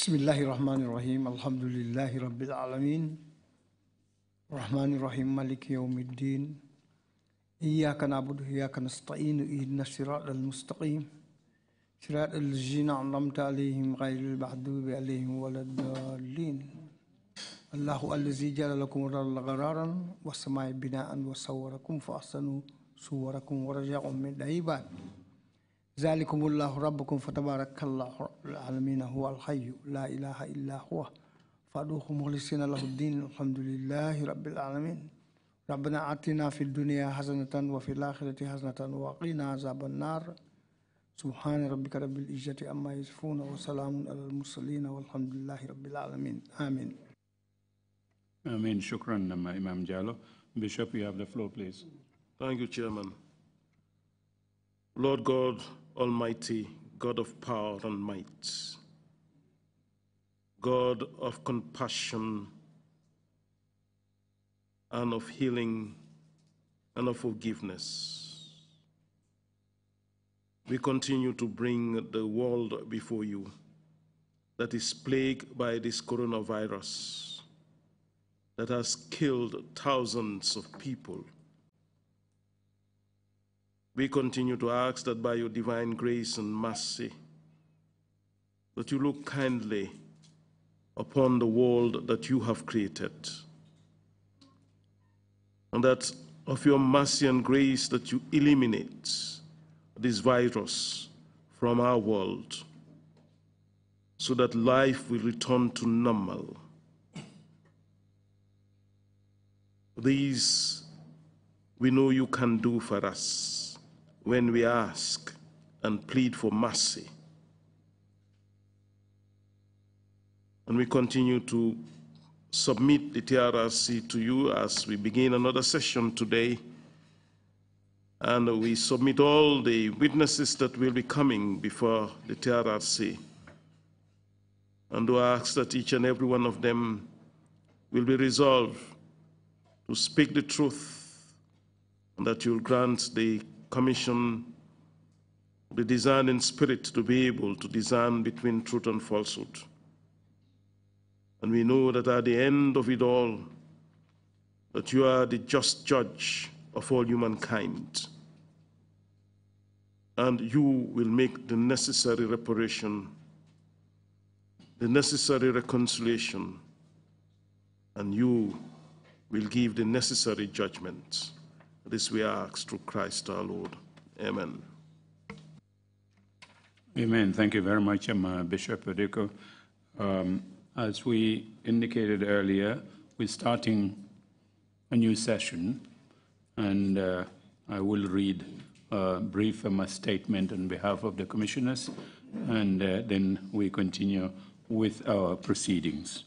بسم الله الرحمن الرحيم الحمد لله رب العالمين الرحمن الرحيم مالك يوم الدين إياك نعبد وإياك نستعين إهدنا الصراط المستقيم صراط الذين أنعمت عليهم غير المغضوب عليهم ولا الضالين الله الذي جعل لكم الأرض قرارا والسماء بناء وصوركم فأحسنوا صوركم ورجعكم من العباد ذلكم الله ربكم فتبارك الله رب العالمين هو الحي لا إله إلا هو فادوه مخلصين له الدين الحمد لله رب العالمين ربنا آتنا في الدنيا حسنة وفي الآخرة حسنة وقنا عذاب النار سبحان ربك رب العزة أما يصفون وسلام على المرسلين والحمد لله رب العالمين آمين آمين شكرا لما إمام جالو Bishop you have the floor please Thank you Chairman Lord God Almighty God of power and might, God of compassion and of healing and of forgiveness. We continue to bring the world before you that is plagued by this coronavirus that has killed thousands of people. We continue to ask that by your divine grace and mercy, that you look kindly upon the world that you have created, and that of your mercy and grace that you eliminate this virus from our world so that life will return to normal. These we know you can do for us when we ask and plead for mercy. And we continue to submit the TRRC to you as we begin another session today. And we submit all the witnesses that will be coming before the TRRC. And we ask that each and every one of them will be resolved to speak the truth and that you'll grant the commission the discerning spirit to be able to discern between truth and falsehood. And we know that at the end of it all, that you are the just judge of all humankind. And you will make the necessary reparation, the necessary reconciliation, and you will give the necessary judgment. This we ask through Christ our Lord. Amen. Amen. Thank you very much, um, uh, Bishop Odeko. Um, as we indicated earlier, we're starting a new session, and uh, I will read a uh, brief um, statement on behalf of the commissioners, and uh, then we continue with our proceedings.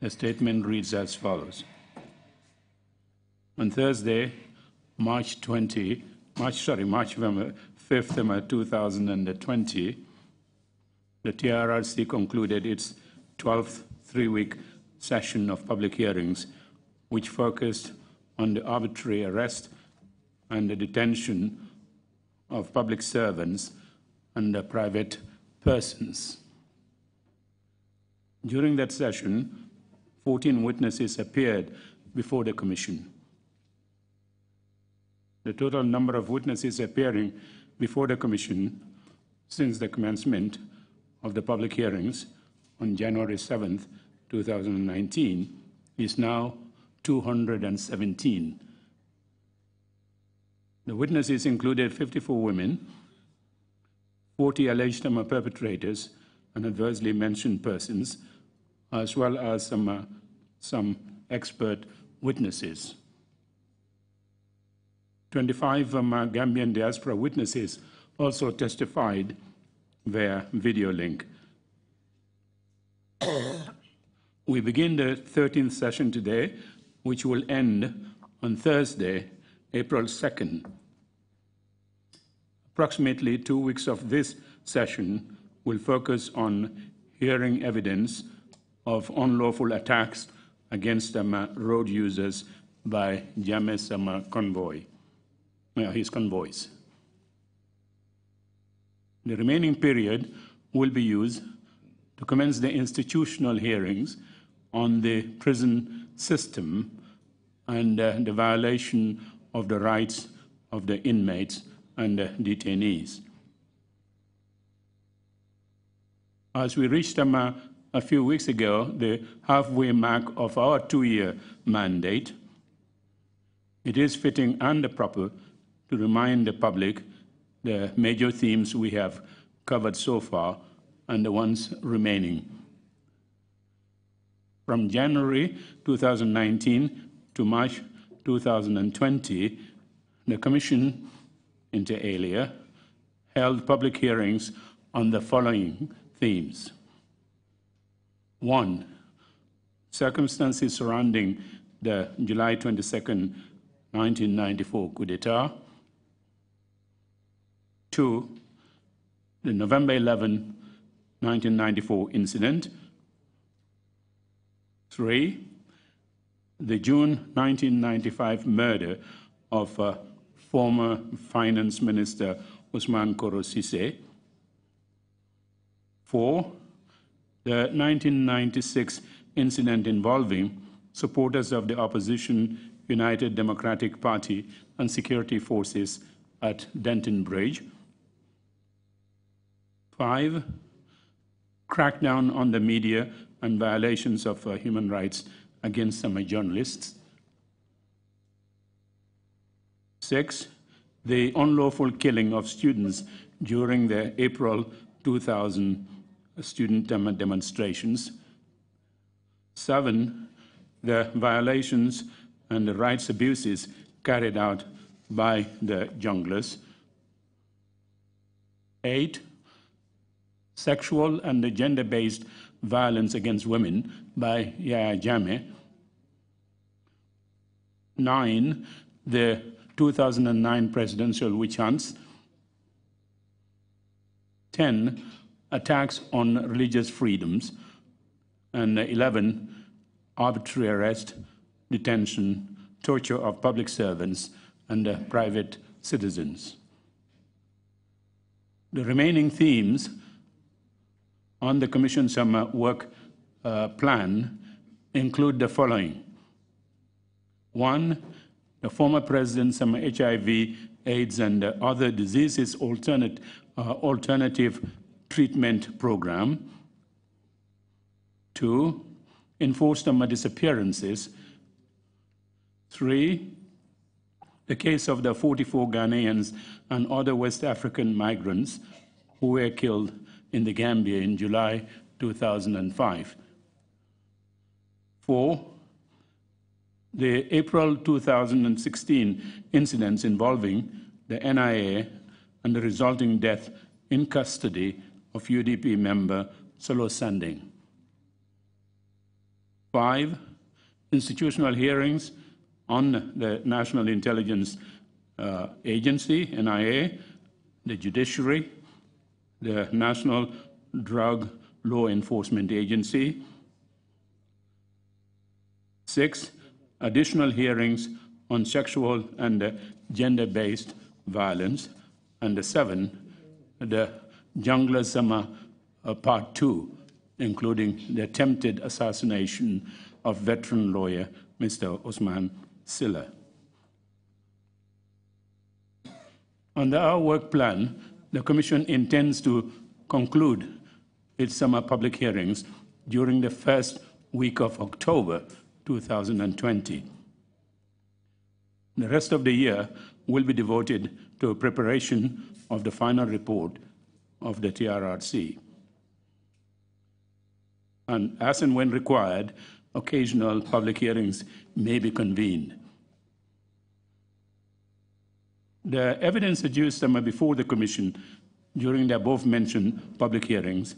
The statement reads as follows On Thursday, March 20, March, sorry, March 5th, 2020, the TRRC concluded its 12th three-week session of public hearings, which focused on the arbitrary arrest and the detention of public servants and private persons. During that session, 14 witnesses appeared before the Commission the total number of witnesses appearing before the Commission since the commencement of the public hearings on January 7, 2019, is now 217. The witnesses included 54 women, 40 alleged Tamil perpetrators and adversely mentioned persons, as well as some, uh, some expert witnesses. 25 um, uh, Gambian diaspora witnesses also testified via video link. we begin the 13th session today, which will end on Thursday, April 2nd. Approximately two weeks of this session will focus on hearing evidence of unlawful attacks against um, uh, road users by James um, uh, convoy his convoys. The remaining period will be used to commence the institutional hearings on the prison system and uh, the violation of the rights of the inmates and the detainees. As we reached Tama um, uh, a few weeks ago, the halfway mark of our two-year mandate, it is fitting and proper to remind the public the major themes we have covered so far and the ones remaining. From January 2019 to March 2020, the Commission, inter alia, held public hearings on the following themes. One, circumstances surrounding the July 22, 1994 coup d'etat to the November 11, 1994 incident. Three, the June 1995 murder of uh, former Finance Minister Usman Korosise. Four, the 1996 incident involving supporters of the opposition United Democratic Party and security forces at Denton Bridge. Five, crackdown on the media and violations of uh, human rights against some journalists. Six, the unlawful killing of students during the April 2000 student demonstrations. Seven, the violations and the rights abuses carried out by the junglers. Eight, Sexual and Gender Based Violence Against Women by Yahya Jammeh. Nine, the 2009 presidential witch hunts. 10 attacks on religious freedoms and 11 arbitrary arrest detention torture of public servants and uh, private citizens the remaining themes on the Commission summer work uh, plan include the following. One, the former president's summer HIV, AIDS, and other diseases alternate, uh, alternative treatment program. Two, enforce summer disappearances. Three, the case of the 44 Ghanaians and other West African migrants who were killed in the Gambia in July 2005. Four, the April 2016 incidents involving the NIA and the resulting death in custody of UDP member Solo Sanding. Five, institutional hearings on the National Intelligence uh, Agency, NIA, the judiciary, the National Drug Law Enforcement Agency. Six, additional hearings on sexual and gender-based violence. And seven, the Jungler Summer uh, Part Two, including the attempted assassination of veteran lawyer Mr. Osman Silla. Under our work plan, the Commission intends to conclude its summer public hearings during the first week of October 2020. The rest of the year will be devoted to preparation of the final report of the TRRC. And as and when required, occasional public hearings may be convened. The evidence adduced before the Commission during the above-mentioned public hearings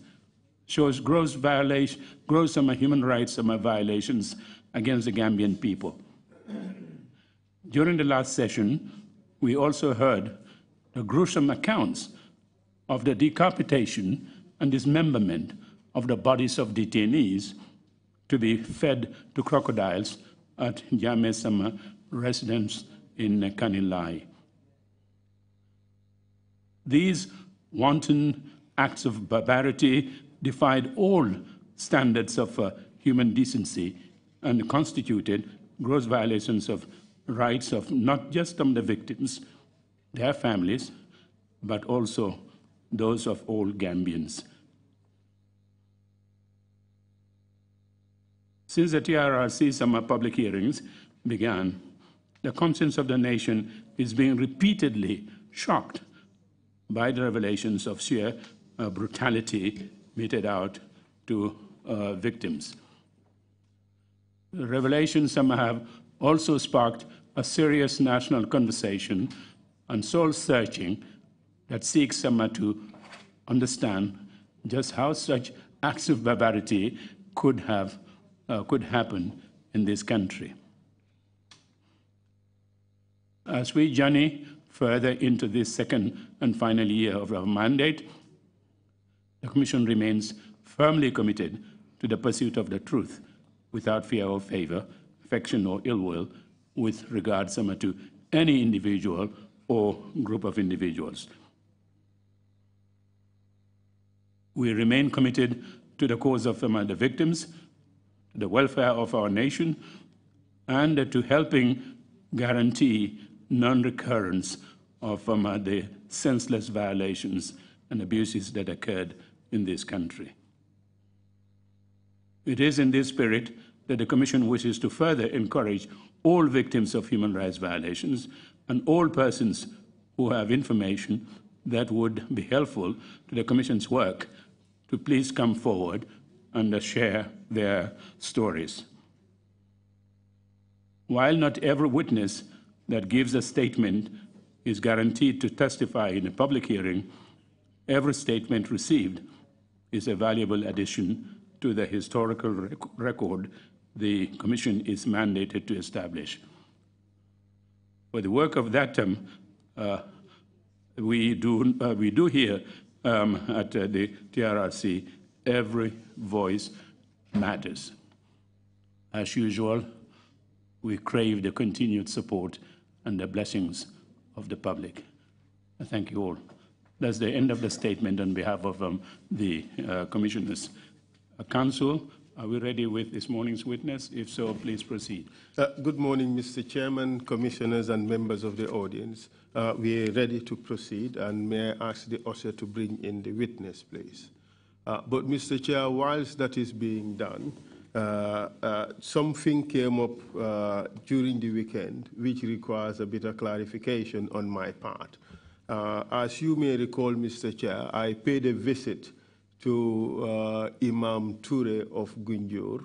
shows gross, violation, gross human rights violations against the Gambian people. During the last session, we also heard the gruesome accounts of the decapitation and dismemberment of the bodies of detainees to be fed to crocodiles at Jame Summer residence in Kanilai. These wanton acts of barbarity defied all standards of uh, human decency and constituted gross violations of rights of not just of the victims, their families, but also those of all Gambians. Since the TRRC summer public hearings began, the conscience of the nation is being repeatedly shocked by the revelations of sheer uh, brutality meted out to uh, victims. The revelations somehow have also sparked a serious national conversation and soul searching that seeks somehow to understand just how such acts of barbarity could have uh, could happen in this country. As we journey further into this second and final year of our mandate, the Commission remains firmly committed to the pursuit of the truth without fear or favor, affection or ill will, with regard summa to any individual or group of individuals. We remain committed to the cause of the victims, the welfare of our nation, and to helping guarantee non-recurrence of um, uh, the senseless violations and abuses that occurred in this country. It is in this spirit that the Commission wishes to further encourage all victims of human rights violations and all persons who have information that would be helpful to the Commission's work to please come forward and uh, share their stories. While not every witness that gives a statement is guaranteed to testify in a public hearing, every statement received is a valuable addition to the historical rec record the Commission is mandated to establish. For the work of that term, um, uh, we, do, uh, we do hear um, at uh, the TRRC, every voice matters. As usual, we crave the continued support and the blessings of the public. I thank you all. That's the end of the statement on behalf of um, the uh, Commissioners. Uh, council, are we ready with this morning's witness? If so, please proceed. Uh, good morning, Mr. Chairman, Commissioners, and members of the audience. Uh, we are ready to proceed, and may I ask the usher to bring in the witness, please? Uh, but, Mr. Chair, whilst that is being done, uh, uh, something came up uh, during the weekend which requires a bit of clarification on my part. as you may recall, Mr. Chair, I paid a visit to Imam Ture of Gunjur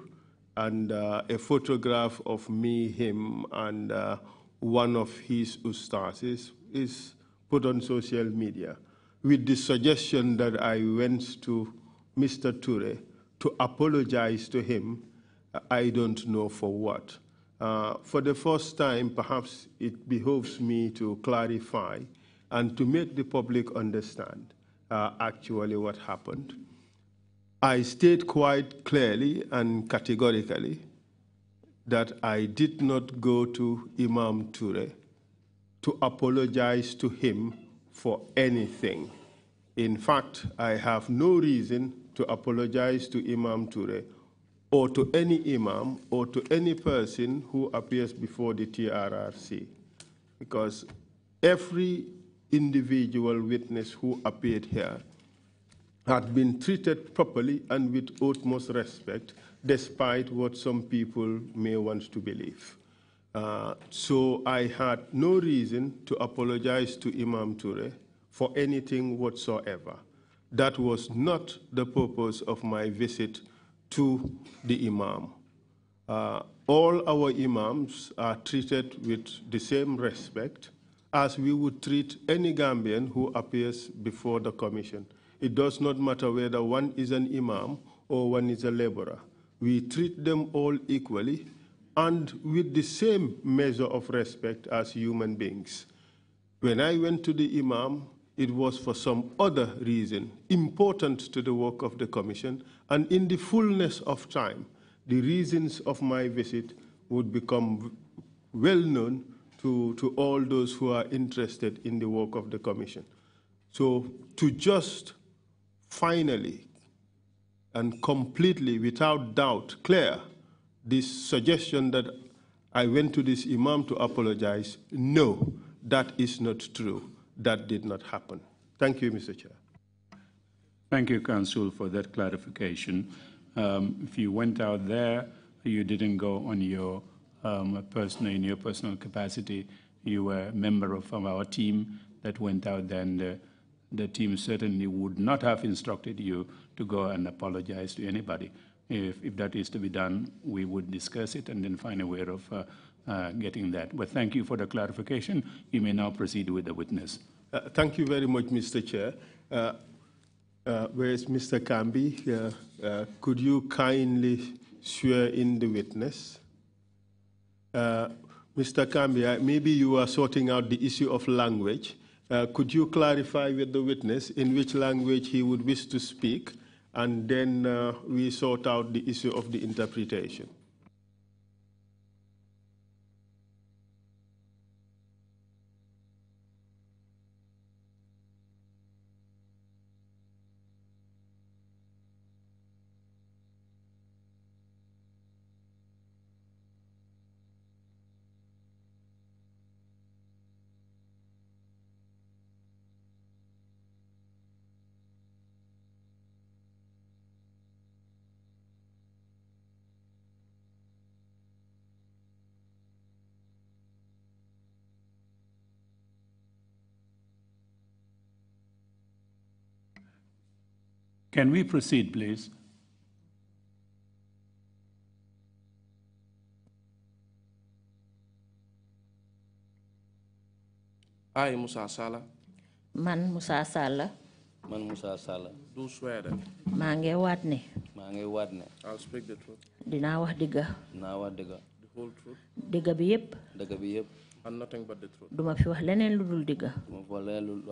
and a photograph of me, him, and one of his ustas is, is, put on social media with the suggestion that I went to Mr. Ture to apologize to him, I don't know for what. Uh, for the first time, perhaps it behoves me to clarify and to make the public understand uh, actually what happened. I state quite clearly and categorically that I did not go to Imam Ture to apologize to him for anything. In fact, I have no reason to apologize to Imam Ture, or to any imam or to any person who appears before the TRRC because every individual witness who appeared here had been treated properly and with utmost respect despite what some people may want to believe. Uh, so I had no reason to apologize to Imam Ture for anything whatsoever. That was not the purpose of my visit to the imam. Uh, all our imams are treated with the same respect as we would treat any Gambian who appears before the commission. It does not matter whether one is an imam or one is a laborer. We treat them all equally and with the same measure of respect as human beings. When I went to the imam, it was for some other reason important to the work of the Commission, and in the fullness of time, the reasons of my visit would become well known to, to all those who are interested in the work of the Commission. So to just finally and completely, without doubt, clear this suggestion that I went to this imam to apologize, no, that is not true that did not happen. Thank you, Mr. Chair. Thank you, Council, for that clarification. Um, if you went out there, you didn't go on your um, personal, in your personal capacity. You were a member of our team that went out there, and uh, the team certainly would not have instructed you to go and apologize to anybody. If, if that is to be done, we would discuss it and then find a way of uh, uh, getting that. But thank you for the clarification. You may now proceed with the witness. Uh, thank you very much, Mr. Chair. Uh, uh, where is Mr. Kambi? Uh, uh, could you kindly swear in the witness? Mr. Kambi? maybe you are sorting out the issue of language. could you clarify with the witness in which language he would wish to speak? And then we sort out the issue of the interpretation. Can we proceed, please? I, Musa Sala. Man, Musa Sala. Man, Musa Sala. Do swear that. maa ngi waat ne. maa ne. I'll speak the truth. dinaa diga. dëgga. diga. The whole truth. Diga bi Diga dëgga bi yëpp. and nothing but the truth. duma fi wax leneen lu dul dëgga. duma fi wax leneen lu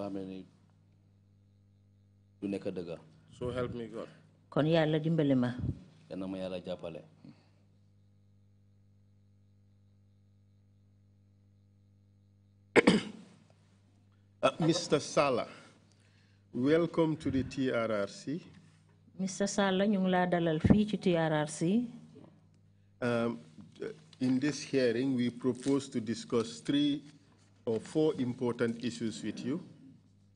xam ne so help me God. kon yàlla dimbali ma. yal na ma yàlla jàppale. Uh, Mr. Sala, welcome to the TRRC. Mr. Sala, ñu la laa dalal fii ci TRRC. Um, in this hearing, we propose to discuss three or four important issues with you.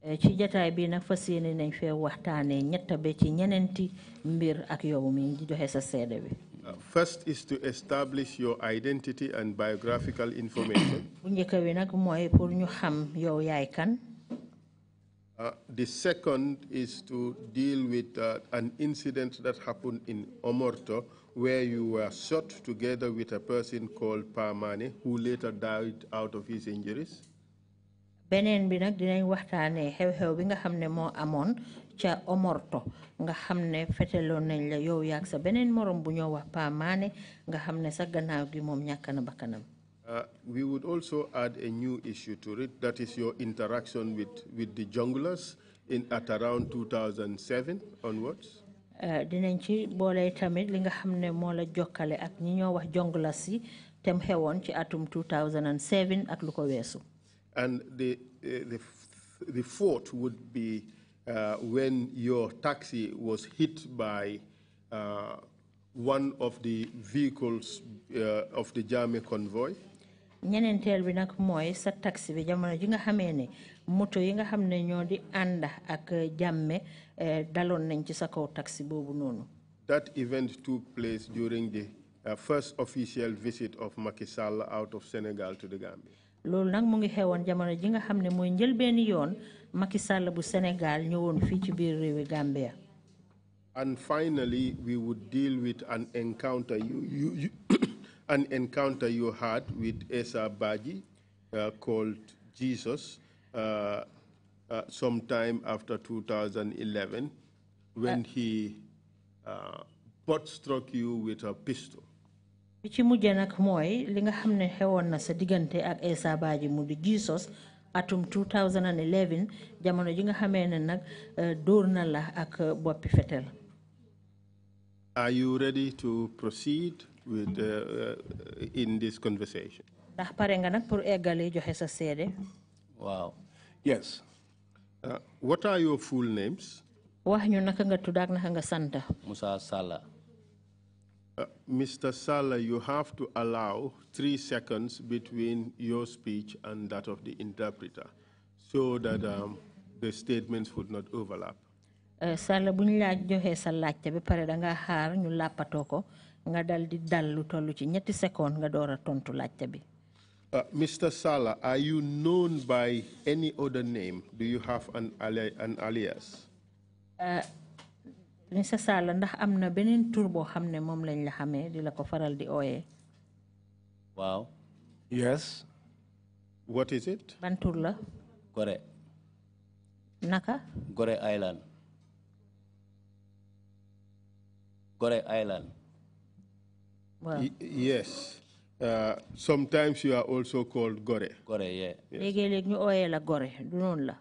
Eh, ci bi nag fas yéene nañ fee waxtaanee ñett ba ci ñeneenti mbir ak yow mi di joxe sa seede bi. Uh, first is to establish your identity and biographical information. bu njëkk bi nag mooy pour ñu xam yow yaay kan. Uh, the second is to deal with uh, an incident that happened in Omorto where you were shot together with a person called Pamane who later died out of his injuries. beneen bi nag dinañ waxtaanee xew-xew bi nga xam ne moo amoon ca Omorto nga xam ne feteloon nañ la yow yaag sa beneen morom bu ñoo wax Pa nga xam ne sa gannaaw gi moom ñàkk na bakkanam uh, we would also add a new issue to it that is your interaction with with uh, dinañ ci boole tamit li nga xam ne moo la jokkale ak ñi ñoo wax jonglers si tem xewoon ci atum 2007 ak lu ko weesu. And the, uh, the, the fourth would be uh, when your taxi was hit by uh, one of the vehicles of the Jame convoy. bi nag mooy sa taxi bi jamono ji nga xamee ne moto yi nga xam ne ñoo di ak jàmme daloon nañ ci sa kaw taxi boobu noonu. That event took place during the uh, first official visit of Macky Sall out of Senegal to the Gambia ngi jamono ji nga yoon Macky Sall bu Sénégal ci biir Gambia. and finally we would deal with an encounter you, you, you an encounter you had with Esa Baji uh, called Jesus uh, uh, sometime after 2011 when uh, he uh, butt struck you with a pistol ci li nga na sa ak Badji mu Jesus atum 2011 jamono ji nga ne euh, dóor na la ak Are you ready to proceed with uh, in this conversation? ndax pare nga nag pour eggale joxe sa seede. Wow. yes. Uh, what are your full names? wax ñu nga tudd ak naka nga sant. Musa Sala. Uh, Mr. Sala, you have to allow three seconds between your speech and that of the interpreter so that um, the statements would not overlap. Uh, Sala, bu ñu laaj joxee sa laajte ba pare da nga xaar ñu làppatoo ko nga dal di dal lu toll ci ñetti seconde nga door tontu laajte bi. Uh, Mr. Sala, are you known by any other name? Do you have an, ali an alias? Uh, Princess Salla ndax am na beneen tur boo xam ne moom lañ la xamee di la ko faral di ooyee. waaw. yes. what is it. ban tur la. Gorée. naka. Gore Island. Gore Island. waaw. yes. Uh, sometimes you are also called Gore. Gore, yeah. léegi-léeg ñu ooyee la Gore. du noonu la.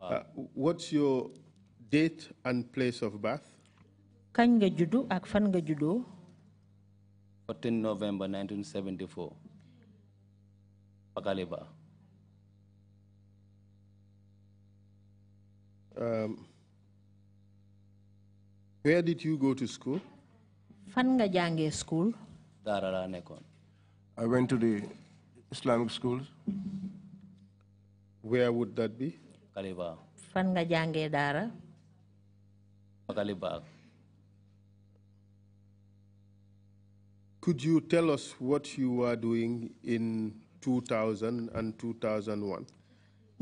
waaw. Uh, what's your. Date and place of birth. kañ nga juddu 14 November 1974. Pakaliba. Um, where did you go to school? Fan nga school. Daara laa nekkoon. I went to the Islamic schools. Where would that be? Kaliba. Fan nga dara. Makalibar. Could you tell us what you were doing in 2000 and 2001?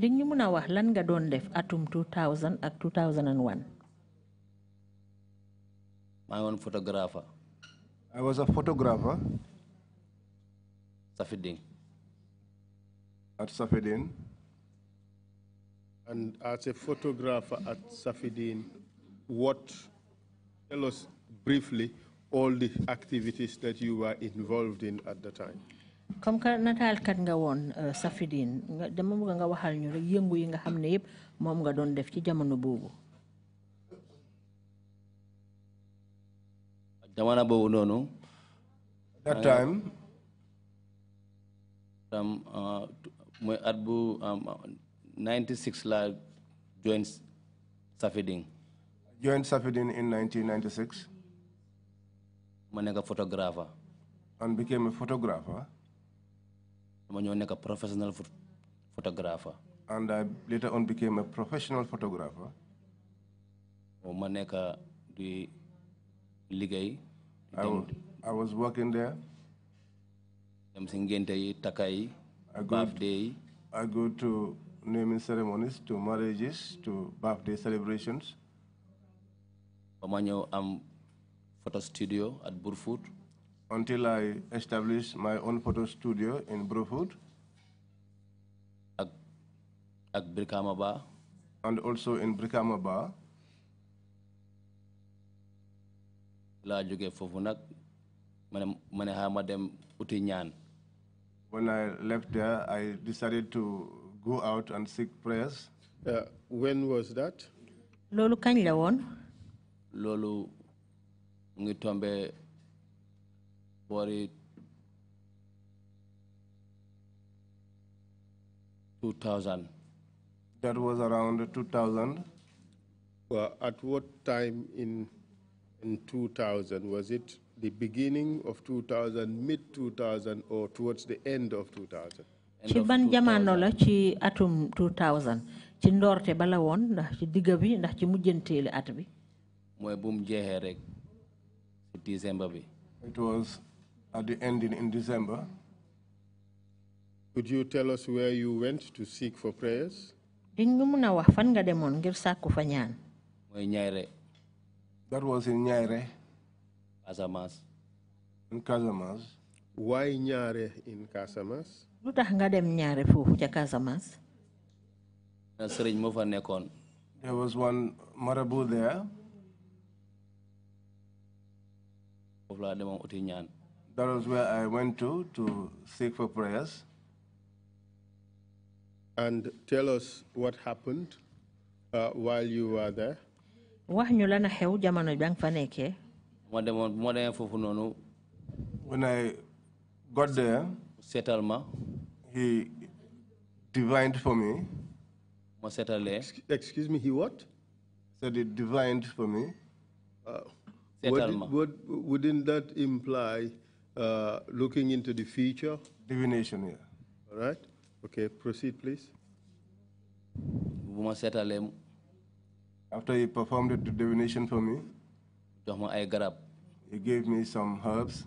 Did you muna wax lan nga doon def atum 2000 ak 2001? My own photographer. I was a photographer. Safedin. At Safedin. And as a photographer at Safedin, what, tell us briefly all the activities that you were involved in at the time. comme que nataal kat nga woon uh, Safidine nga dama bëgg nga waxal ñu rek yëngu yi nga xam ne yëpp moom nga doon def ci jamono boobu. jamono boobu noonu. that time. Uh, tam uh, mooy at bu um, 96 laa joins Safidine. Joined Safedin in 1996. Manega photographer. And became a photographer. Manega professional photographer. And I later on became a professional photographer. maneka the ligay. I was working there. I go, to, I go to naming ceremonies, to marriages, to birthday celebrations i am photo studio at Burfoot. until I established my own photo studio in Burfoot. at ak Brikama Bar, and also in Brikama Bar. laa jógee foofu nag ma ma dem ñaan. when I left there, I decided to go out and seek prayers. Uh, when was that? Lolu kañ la woon loolu mu ngi tombe boori 2000. That was around 2000. Well, at what time in in 2000 was it the beginning of 2000, mid 2000, or towards the end of 2000? ci ban jamono la ci atum 2000 ci ndorte bala woon ndax ci digga bi ndax ci mujjanteeli rek bi. It was at the ending in December. Could you tell us where you went to seek for prayers? Diñ ñu mën a wax fan nga ngir sàkku fa ñaan. Ñayre. That was in Ñayre. Casamance. In Kazamas. Why Ñayre in Kazamas? Lu tax nga dem Ñayre foofu ca Casamance. Na fa There was one marabu there. That was where I went to to seek for prayers. And tell us what happened uh, while you were there. When I got there, He divined for me. Excuse me, he what? Said he divined for me. Uh, wouldn't that imply uh, looking into the future? Divination, yeah. All right. Okay, proceed, please. After he performed the divination for me, he gave me some herbs.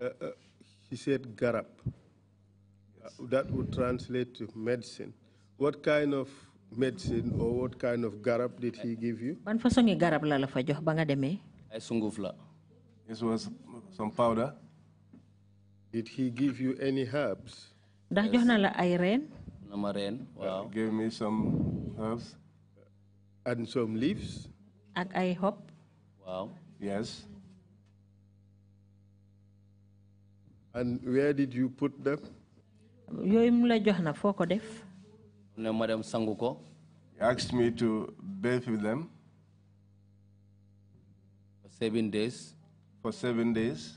Uh, uh, he said garab. Yes. Uh, that would translate to medicine. What kind of medicine or what kind of garab did he give you? garab la la démé? Sungufla. This was some powder. Did he give you any herbs? Ndax jox na la ay reen? Na me some herbs. And some leaves? Ak ay hob? Wow. Yes. And where did you put them? You Yooyu mu la jox na foo ko def? He asked me to bathe with them seven days for seven days.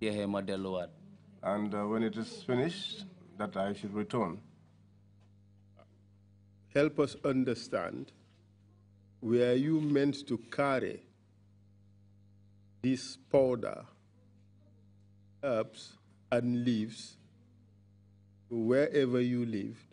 And uh, when it is finished, that I should return. Help us understand where you meant to carry this powder, herbs, and leaves wherever you live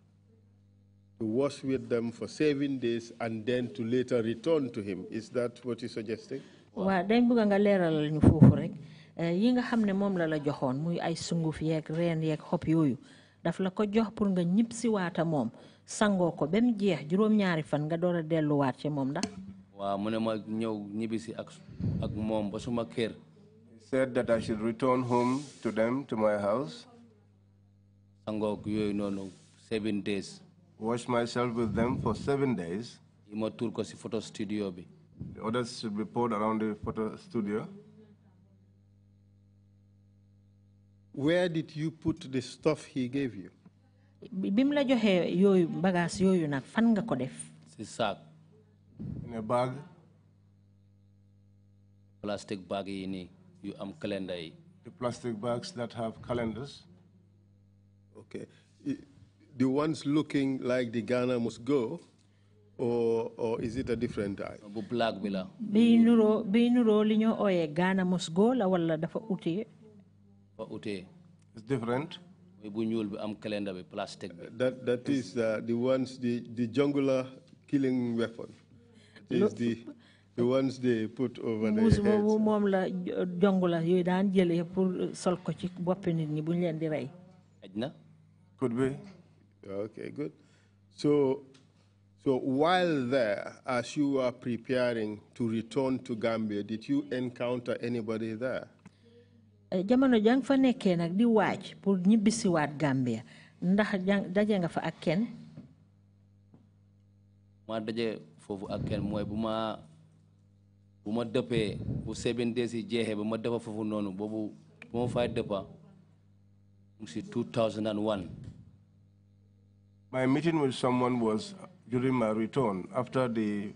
to wash with them for seven days and then to later return to him. Is that what you're suggesting? waaw dañ bëgg nga leeralal ñu foofu rek eh, yi nga xam ne moom la la joxoon muy ay sunguf yek reen yeeg xob yooyu daf la ko jox pour nga ñib si waata moom sangoo ko ba jeex juróom-ñaari fan nga door a delluwaat ci moom ndax. waaw mu ne ma ñëw ñibbisi ak ak moom ba suma kër. said that I should return home to them to my house. sangoo yooyu noonu seven days. Washed myself with them for seven days. photo studio bi. The others should be poured around the photo studio. Where did you put the stuff he gave you? Bimla joxe yoyu bagage yoyu nak fan nga ko def? sac. In a bag. Plastic bag yi ni yu am calendar yi. The plastic bags that have calendars. Okay the ones looking like the Ghana must go, or, or is it a different type? Bu black bila. Bi nuro bi nuro linyo oye Ghana must go la wala dafa uti. Fa ute. It's different. Bu ñuul bi am calendar bi plastic That that is uh, the ones the the jungular killing weapon. Is the the ones they put over their heads. Muus moom la jongula yooyu daan jëlee pour sol ko ci boppi ñi bu ñu leen Could be. Okay, good. So, so while there, as you were preparing to return to Gambia, did you encounter anybody there? Eh, jamono jang fa nekkee nag di waaj pour ñibbisiwaat Gambia ndax jang daje nga fa ak kenn. ma daje foofu ak kenn mooy bu ma bu ma dëppee bu seven days yi jeexee ba dëppa foofu noonu boobu bu fay dëppa mu 2001. My meeting with someone was during my return after the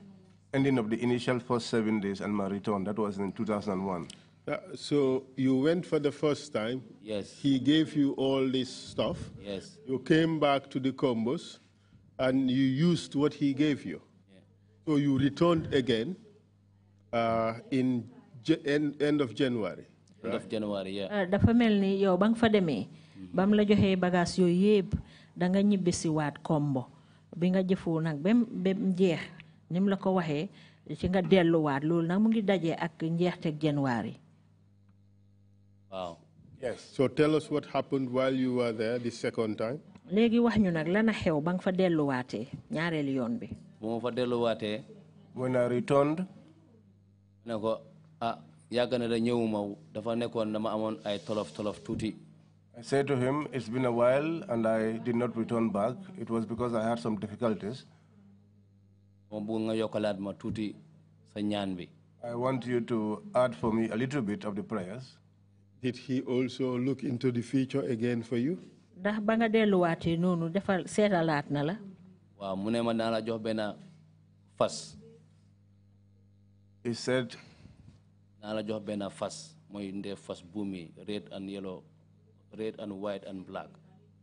ending of the initial first seven days and my return. That was in 2001. Uh, so you went for the first time. Yes. He gave you all this stuff. Yes. You came back to the combos and you used what he gave you. Yeah. So you returned again uh, in end, end of January. Right? End of January, yeah. Uh, family, your bank for fa me. Mm-hmm. bam la joxé bagage yoy da nga ñibbisiwaat kombo bi nga jëfoo nag ba mu jeex ni la ko waxee ci nga delluwaat loolu nag mu ngi dajee ak njeexteeg janwaar yi. waaw. yes so tell us what happened léegi wax ñu nag lana xew ba nga fa delluwaatee ñaareel yoon bi. bu ma fa delluwaatee. when I returned. ne ko ah yàgg na da ñëwuma dafa nekkoon dama amoon ay tolof tolof tuuti. I said to him, It's been a while and I did not return back. It was because I had some difficulties. I want you to add for me a little bit of the prayers. Did he also look into the future again for you? ndax ba nga delluwaatee noonu defal seetalaat na la. waaw mu ne ma naa la jox benn fas. he said. naa la jox benn fas mooy ndee fas buumi red and yellow red and white and black.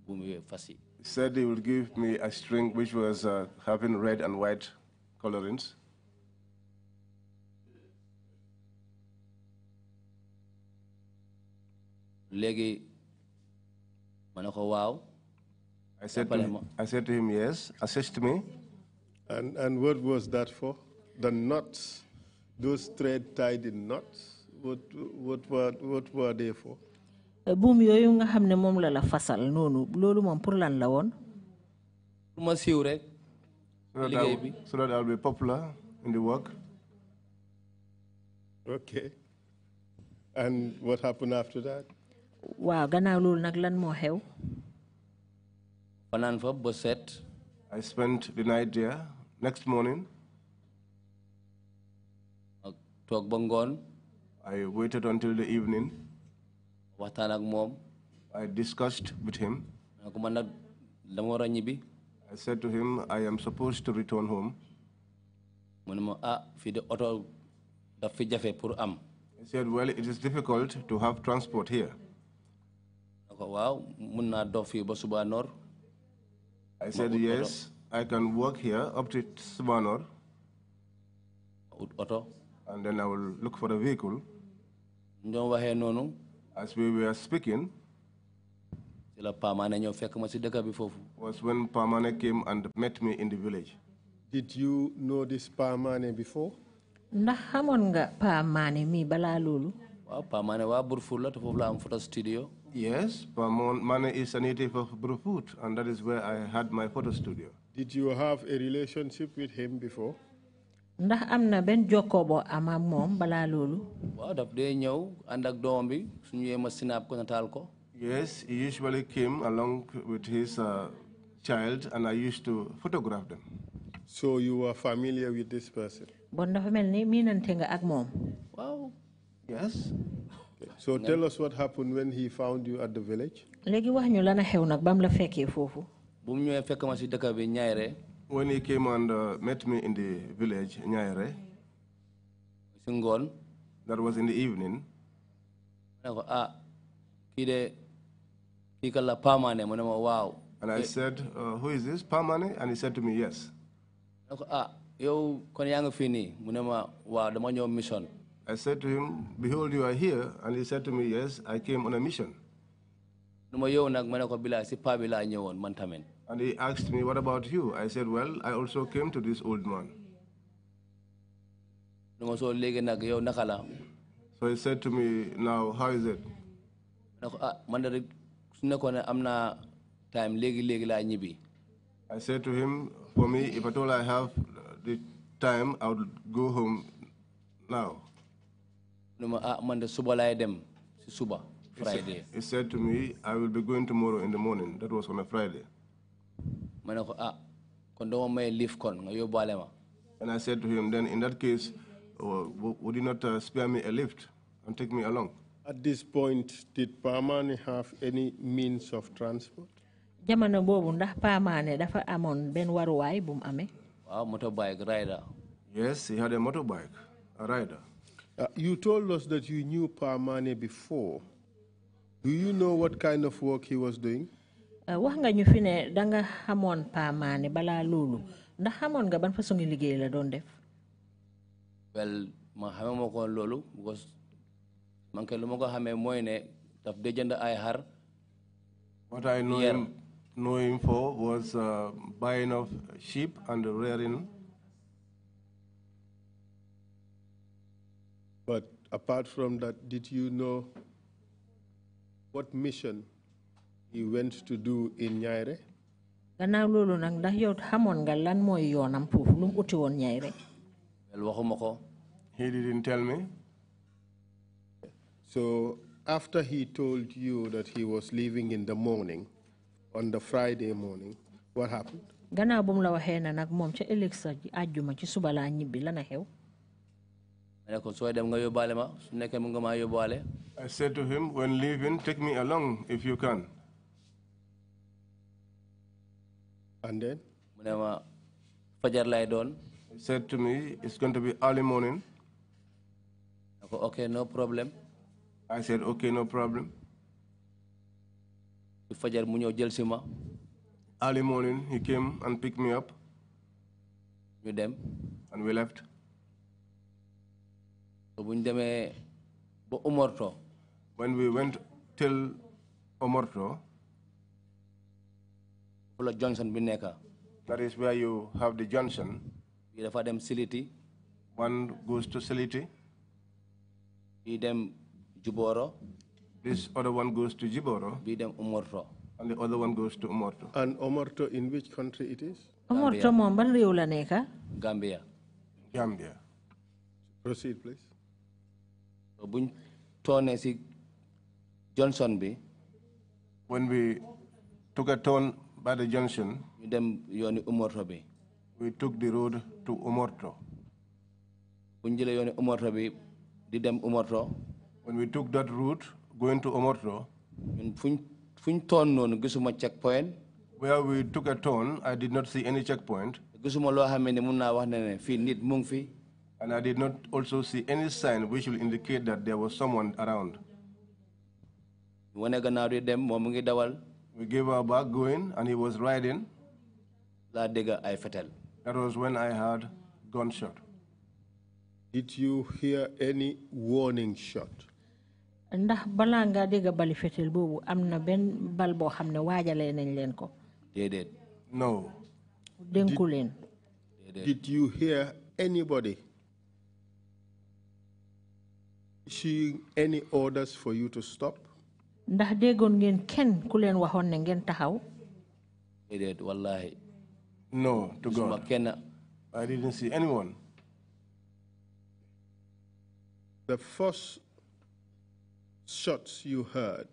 He said he would give me a string which was uh, having red and white colorings. Legi I said, to him, I said to him, yes, assist me. And, and what was that for? The knots, those thread tied in knots, what, what, were, what were they for? buum yooyu nga xam ne moom la la fasal noonu loolu moom pour lan la woon. pour ma siiw rek. liggéey bi i popular in the work. okay and what happened after that. waaw gannaaw loolu nag lan moo xew. fanaan fa ba set. I spent the night there next morning. toog ba ngoon. I waited until the evening waxtaan ak moom. I discussed with him. ko man nag dama war a ñibbi. I said to him I am supposed to return home. mu ne ma ah fii de oto daf fi jafe pour am. He said well it is difficult to have transport here. ne ko waaw mun naa dox fii ba suba noor. I said yes I can work here up to Subanor. ut oto. and then I will look for a vehicle. ñoo waxee noonu. As we were speaking, was when Pamane came and met me in the village. Did you know this Pamane before? ndax xamoon photo studio. yes Pamané Mané is a native of Brufut and that is where I had my photo studio. did you have a relationship with him before ndax am na benn jokkoo boo am ak moom balaa loolu. waaw daf dee ñëw ànd ak doom bi su ñëwee ma sinaab ko nataal ko. yes he usually came along with his uh, child and I used to photograph them. so you were familiar with this person. bon dafa mel ni miinante nga ak moom. waaw. yes. so tell us what happened when he found you at the village. Legi wax ñu lan a xew nag ba mu la fekkee foofu. bu mu ñëwee fekk ma si dëkk bi ñaare when he came and uh, met me in the village, Nyaire, that was in the evening. Uh, and I eh. said, uh, Who is this? Pamane? And he said to me, Yes. Uh, I said to him, Behold, you are here. And he said to me, Yes, I came on a mission. And he asked me, What about you? I said, Well, I also came to this old man. So he said to me, Now, how is it? Ah, I said to him, For me, if at all I have the time, I would go home now. Ah, Friday. He said to me, I will be going tomorrow in the morning. That was on a Friday. ah And I said to him, then in that case, uh, would you not uh, spare me a lift and take me along? At this point, did Pamani have any means of transport? jamono boobu ndax Pamane dafa amon benn waruwaay bu motorbike rider. Yes, he had a motorbike, a rider. Uh, you told us that you knew Pamane before. Do you know what kind of work he was doing? Uh, wax nga ñu fi ne danga xamoon paamaane balaa loolu ndax xamoon nga ban façon liggéey la doon def. well ma xamee ma ko loolu because man kay lu ma ko xamee mooy ne daf dee jënd ay xar. What I know him, know him for was uh, buying of sheep and rearing. But apart from that, did you know what mission he went to do in Ñaayre. gannaaw loolu nag ndax yow xamoon nga lan mooy yoonam foofu lu mu uti woon Ñaayre. wel waxuma he didn't tell me. so after he told you that he was leaving in the morning on the Friday morning what happened. gannaaw bu mu la waxee na nag moom ca ëllëg sa àjjuma ci suba laa ñibbi la na xew. I said to him, when leaving, take me along if you can. And then? He said to me, it's going to be early morning. Okay, no problem. I said, okay, no problem. Early morning, he came and picked me up. With them? And we left when we went till Omorto. Johnson that is where you have the Johnson. bii dafa Siliti. one goes to Siliti. Juboro. this other one goes to Juboro. and the other one goes to Omorto. And Omorto in which country it is? Omorto mom ban rew Gambia. Gambia. Proceed please. Johnson bi when we took a turn by the junction ñu dem yooni Umorto bi we took the road to Umorto buñ jëlee yooni Umorto bi di dem Umorto when we took that route going to Umorto ñun fuñ fuñ toon noonu gisuma checkpoint where we took a turn I did not see any checkpoint gisuma loo xam ne mun naa wax ne ne nit mu ngi fi and I did not also see any sign which will indicate that there was someone around. We gave our back going, and he was riding. That was when I heard gunshot. Did you hear any warning shot? ndax balaa ngaa dégg bali fetel boobu am na benn bal boo xam ne waajalee nañ leen ko. déedéet. no. dénku leen. did you hear anybody she any orders for you to stop? ndax déggoon ngeen kenn ku leen waxoon ne ngeen taxaw. déedéet wallahi. no to God. suma kenn. I didn't see anyone. The first shots you heard,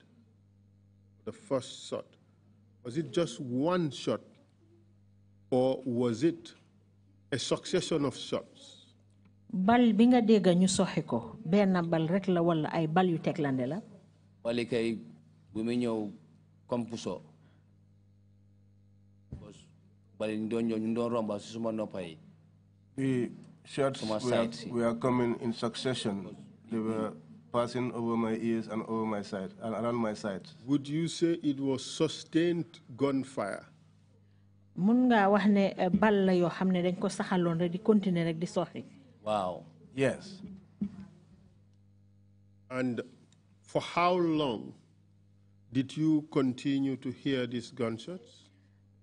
the first shot, was it just one shot or was it a succession of shots? bal bi nga dégg ñu soxi ko benn bal rek la wala ay bal yu teglande la. wali kay bu mu ñëw comme ñu doon ñëw ñu doon romba si suma noppa yi. the shots we are coming in succession. They were passing over my ears and over my side and around my side. Would you say it was sustained gunfire? mun ngaa wax ne eh, bal la yoo xam dañ ko saxaloon rek di continuer rek di soxi. Wow. Yes. And for how long did you continue to hear these gunshots?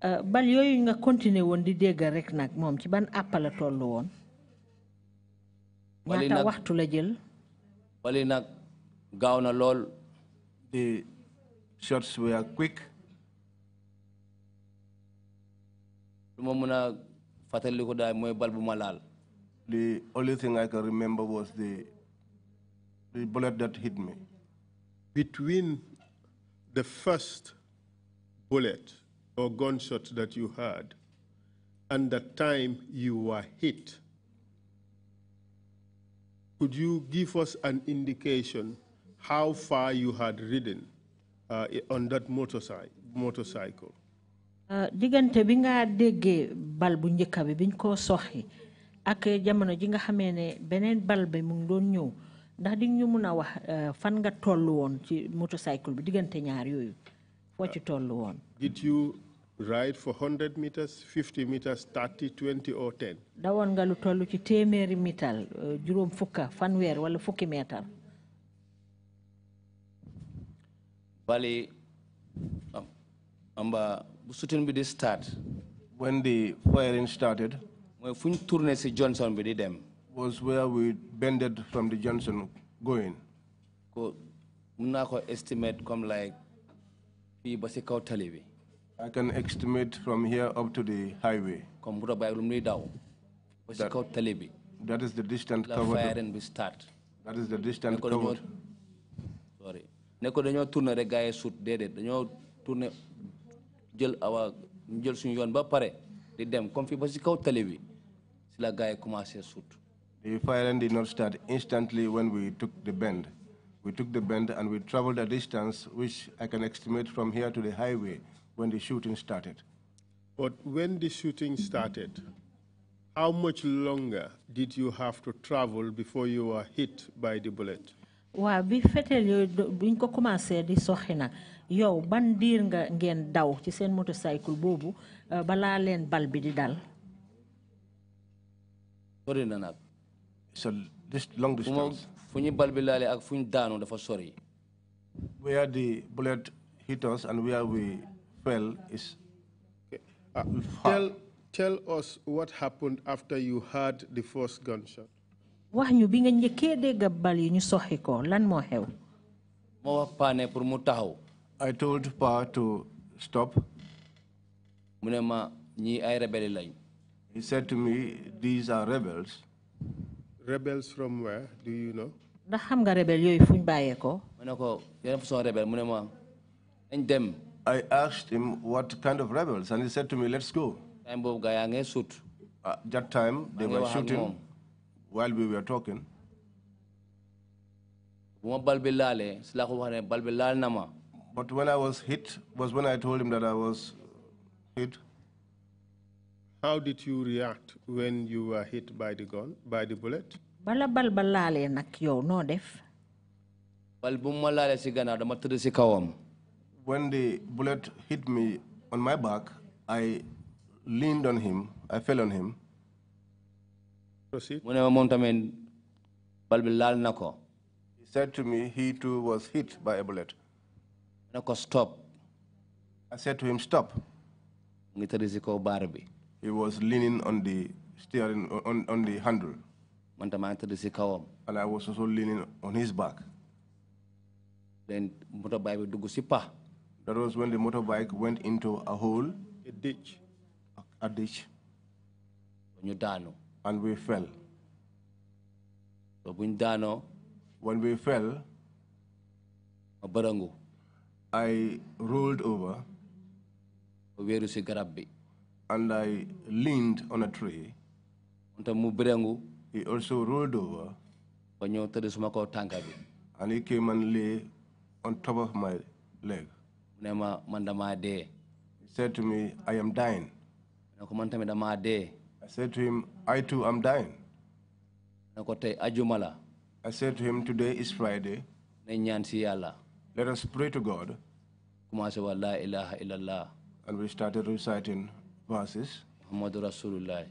Uh, bal yooyu nga continué woon di dégg rek nag moom ci ban àppa la toll woon. bali ñaata waxtu la jël. bali nag gaaw na lool. the shots were quick. lu ma mën a fàttali ko daal mooy bal bu ma the only thing I can remember was the, the bullet that hit me. Between the first bullet or gunshot that you heard and the time you were hit, could you give us an indication how far you had ridden uh, on that motorcycle? motorcycle? Uh, ak jamono ji nga xamee ne beneen bal bi mu ngi doon ñëw ndax di ñu mun wax euh, fan nga toll woon ci motorcycle bi diggante ñaar yooyu foo ci toll woon. did you ride for hundred meters fifty meters 30, 20, or ten. dawoon nga lu toll ci téeméeri mital euh, juróom fukka fanweer wala fukki metal. bali amba bu shooting bi di start. when the firing started was where we bended from the Johnson going. I can estimate from here up to the highway. comme that is the distance covered. that is the distance covered. sorry ne dañoo tourné rek gars yi suut déedéet dañoo tourné jël awa jël suñu yoon ba pare di dem comme fi ba si kaw tali bi si la gars yi commencé The firing did not start instantly when we took the bend. We took the bend and we traveled a distance which I can estimate from here to the highway when the shooting started. But when the shooting started, how much longer did you have to travel before you were hit by the bullet? waaw bi fetel yooyu biñ ko commencé di soxi yow ban diir nga ngeen daw ci seen motocycle boobu uh, balaa leen bal bi di dal. sori na nag. so this long distance. fu ñu bal bi laalee ak fu ñu daanu dafa sori. where the bullet hit us and where we fell is. Uh, tell tell us what happened after you heard the first gunshot. wax ñu bi nga njëkkee dégg bal yi ñu soxi ko lan moo xew. moo wax paane pour mu taxaw. I told Pa to stop. He said to me, these are rebels. Rebels from where? Do you know? ndax xam nga rebel yooyu fuñ bàyyeekoo. ma ne ko yeneen façon rebel mu ne ma nañ dem. I asked him what kind of rebels, and he said to me, let's go. Time boobu gaa yaa ngay shoot. that time, they were shooting while we were talking. bu ma bal bi laalee si laa ko wax ne bal bi laal na ma. But when I was hit was when I told him that I was how did you react when you were hit by the gun, by the bullet? bala bal ba laalee nag yow def. bal bu ma si gannaaw dama tëdd si kawam. when the bullet hit me on my back, I leaned on him. I fell on him. Proceed. Mu ne ma moom tamit bal bi laal na He said to me he too was hit by a bullet. Nako stop. I said to him, stop ngi ko bar bi he was leaning on the steering on, on the handle man tam ngi si and i was also leaning on his back then motorbike bi dugg pa that was when the motorbike went into a hole a ditch a, a ditch ñu daanu and we fell so buñ daanoo when we fell ma barangu i rolled over and I leaned on a tree. Wante mu birengu. He also rolled over. tànka And he came and lay on top of my leg. Mu He said to me, I am dying. Ne I said to him, I too am dying. Ne I said to him, today is Friday. Let us pray to God. ilaha illallah and we started reciting verses. Muhammad Rasulullah.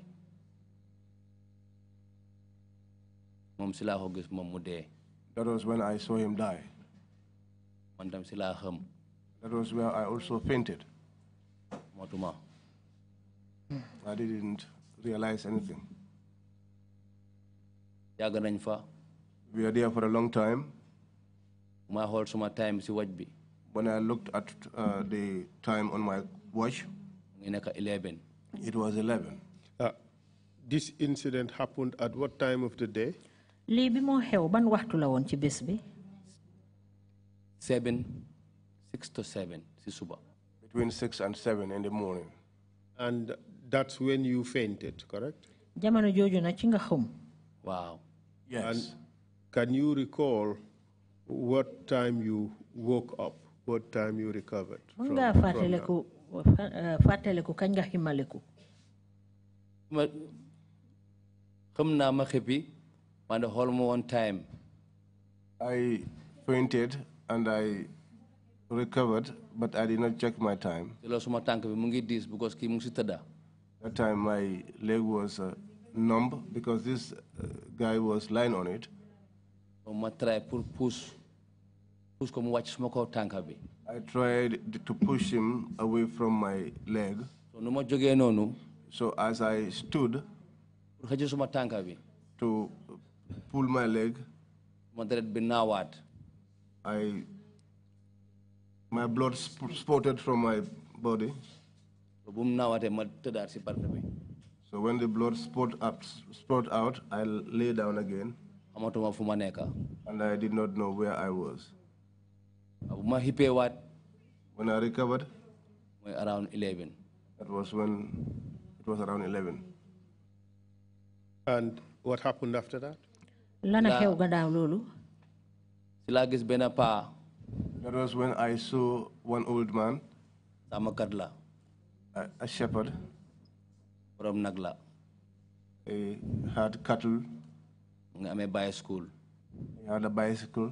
Mom sila ko mom mu That was when I saw him die. Man tam sila xam. That was where I also fainted. Matuma. I didn't realize anything. Yàgg nañ fa. We are there for a long time. My whole summer time si waj bi. When I looked at uh, the time on my watch. it was 11. Uh, this incident happened at what time of the day. seven six to seven si suba. between six and seven in the morning. and that's when you fainted correct. wow. yes and can you recall what time you woke up what time you recovered. from the fàttaliku uh, kañ nga ximaliku xam naa ma xëppi man time I fainted and I recovered but I did not check my time suma tànk bi mu ngi mu that time my leg was uh, numb because this uh, guy was lying on it ma try pour wàcc suma ko tànk bi I tried to push him away from my leg. So as I stood. To pull my leg. I my blood sp spurted from my body. So when the blood spurt up, spurt out, I lay down again. And I did not know where I was when I recovered. around 11. that was when it was around 11. and what happened after that. lan a xew gannaaw Silagis benapa. that was when I saw one old man. sàmmkat a shepherd. from Nagla. he had cattle. nga amee bicycle. he had a bicycle.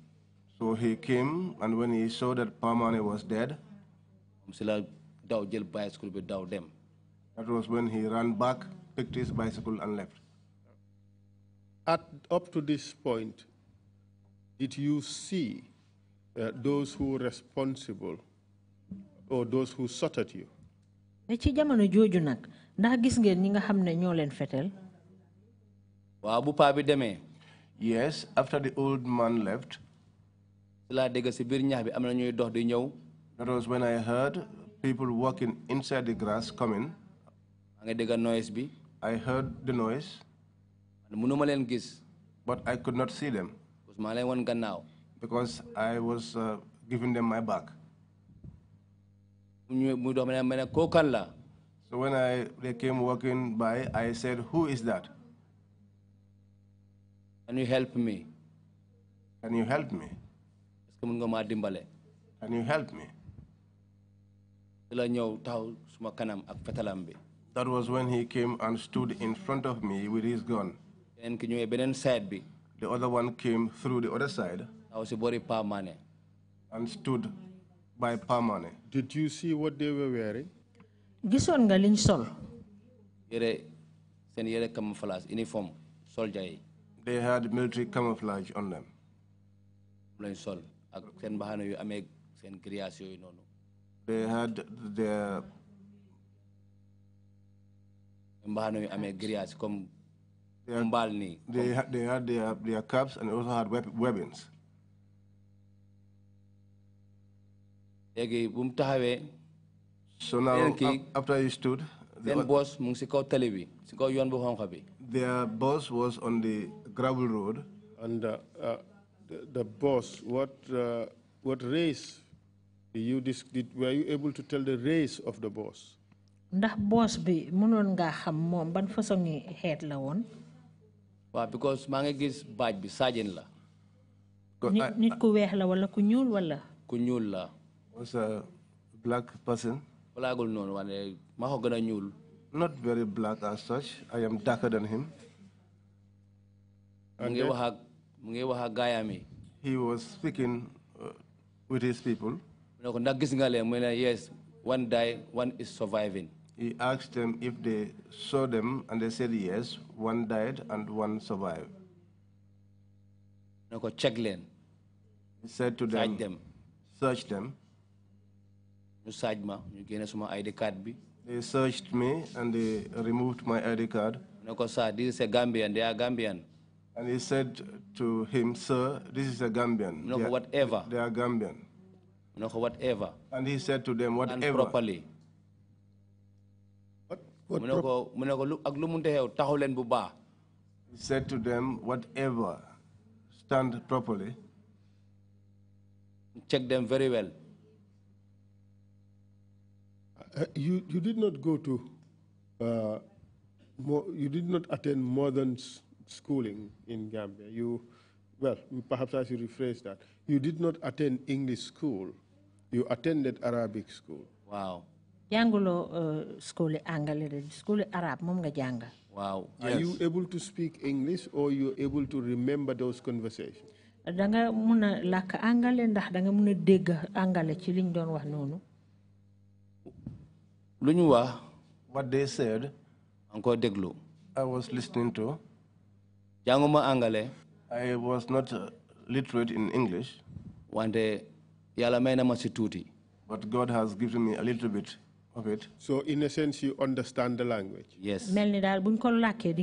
So he came, and when he saw that Pamane was dead, that was when he ran back, picked his bicycle, and left. At, up to this point, did you see uh, those who were responsible or those who shot at you? ci jamono jooju nag ndax gis ngeen ñi nga xam ne ñoo leen fetel waaw bu paa bi demee yes after the old man left that was when I heard people walking inside the grass coming. I heard the noise. But I could not see them. Because I was uh, giving them my back. So when I, they came walking by, I said, who is that? Can you help me? Can you help me? can you help me. that was when he came and stood in front of me with his gun. the other one came through the other side. and stood by Pa did you see what they were wearing. gisoon nga sol. yére yére camouflage uniform soldier they had military camouflage on them. sol they had their. they had they had their their caps and also had weapons. so now after he stood. seen boss their boss was on the gravel road. and. Uh, the, boss, what, uh, what race you dis did, were you able to tell the race of the boss? ndax boss bi mënoon nga xam moom ban façon yi xeet la woon. waaw because maa ngi gis baaj bi saajin la. nit ah, nit ku weex la wala ku ñuul wala. ku ñuul la. was a black person. blackul noonu wane maa ko gën a ñuul. not very black as such I am darker than him. mu ngi wax ak he was speaking uh, with his people. Yes, one died, one is surviving. He asked them if they saw them, and they said yes, one died and one survived. He said to them, search them. They searched me and they removed my ID card. This is a Gambian, they are Gambian. And he said to him, Sir, this is a Gambian. No, they are, whatever. They are Gambian. No, whatever. And he said to them, Whatever. And properly. What? what pro- he said to them, Whatever. Stand properly. Check them very well. Uh, you, you did not go to, uh, more, you did not attend more than schooling in Gambia. You, well, perhaps I should rephrase that. You did not attend English school. You attended Arabic school. Wow. Jangulo uh, school Angale, school Arab, mumga janga. Wow. Yes. Are you able to speak English or you able to remember those conversations? Danga muna lak Angale ndax danga muna deg Angale ci liñ doon wax what they said encore deglu. I was listening to jànguma angale. I was not uh, literate in English. wante yàlla may na ma si tuuti. But God has given me a little bit of it. So in a sense you understand the language. Yes. mel ni daal buñ ko làkkee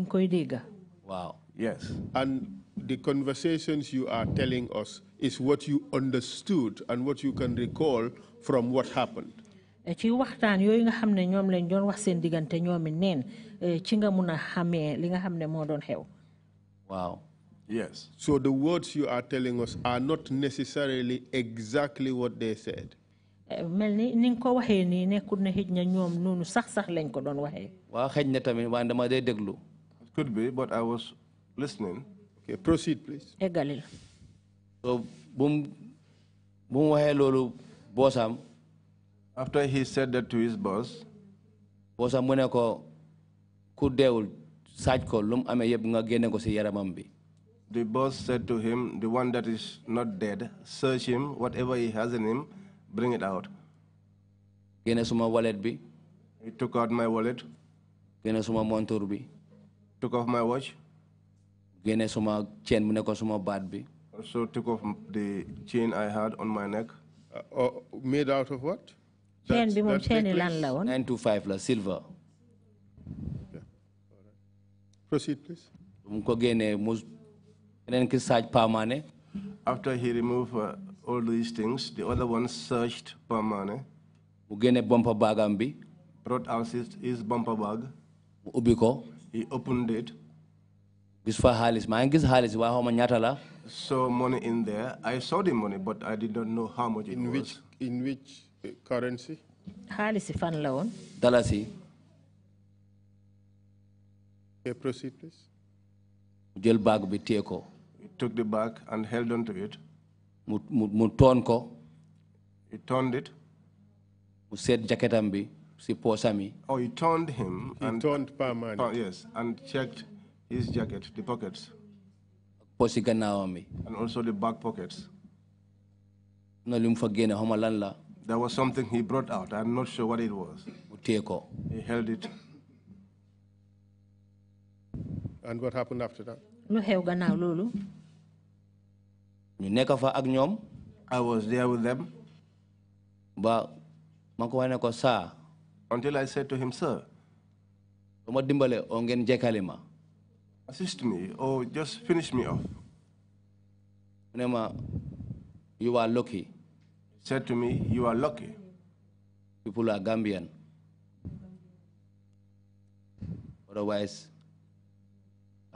Wow. Yes. And the conversations you are telling us is what you understood and what you can recall from what happened. Eh, ci waxtaan yooyu nga xam ne ñoom lañ doon wax seen diggante ñoomi neen eh, ci nga mun a xamee li nga xam ne moo doon xew. Wow. Yes. So the words you are telling us are not necessarily exactly what they said. Eh, ni ko sax sax lañ ko doon tamit dama déglu. It could be but I was listening. Okay, proceed please. so after he said that to his boss. boosam mu ne ko ku deewul the boss said to him, The one that is not dead, search him, whatever he has in him, bring it out. wallet He took out my wallet. Génne Took off my watch. Génne chain Also took off the chain I had on my neck. Uh, oh, made out of what? Chain 9 to 5 la silver. Proceed, please. After he removed uh, all these things, the other one searched Pamane. Brought out his, his bumper bag. He opened it. So money in there. I saw the money, but I did not know how much it in was. Which, in which uh, currency? Halisi fan loan. Dalasi. Okay, proceed, please. jël bag bi téye ko. He took the bag and held on to it. mu mu ko. He turned it. mu seet jaketam bi si poosam Oh, he turned him. He and, turned Palman. Oh, yes, and checked his jacket, the pockets. poosi gannaawam bi. And also the back pockets. na lu fa génne xaw lan la. There was something he brought out. I'm not sure what it was. He held it. And what happened after that? lu xew gannaaw loolu ñu nekk fa ak ñoom I was there with them ba ma ko ko until I said to him sir soo ma dimbale oo ngeen ma assist me or just finish me off mu ne ma you are lucky he said to me you are lucky people are Gambian otherwise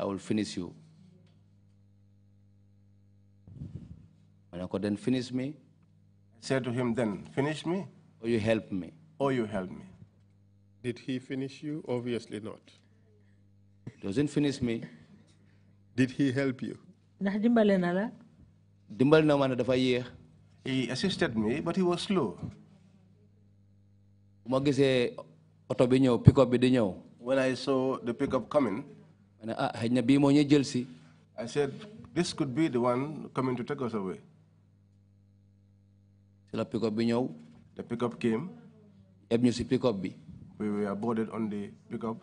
I will finish you. When I couldn't finish me, I said to him, Then finish me? Or you help me? Or you help me. Did he finish you? Obviously not. Doesn't finish me. Did he help you? He assisted me, but he was slow. When I saw the pickup coming, ne uh, ah xëy na bii ñu jël si. I said this could be the one coming to take us away. si la pick up bi ñëw. The pick up came. eb ñu si pick up bi. We were boarded on the pick up.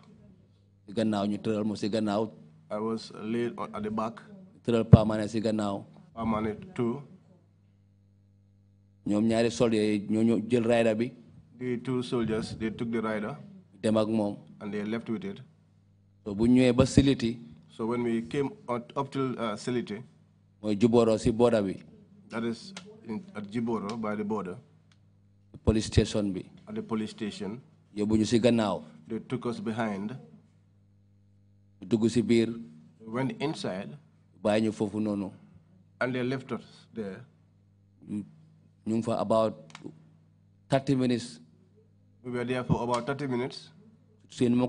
si gannaaw ñu tëral mo si gannaaw. I was laid at the back. tëral paamane si gannaaw. paamane two. ñoom ñaari soldier? ñoo ñu jël rider bi. The two soldiers they took the rider. dem ak moom. and they left with it so so when we came up till uh, Siliti. Jiboro, Juboro si border bi. that is in, at Jiboro by the border. the police station bi. at the police station. si they took us behind. ñu dugg si biir. we went inside. bàyyi ñu and they left us there. For about thirty minutes. we were there for about thirty minutes seen time. I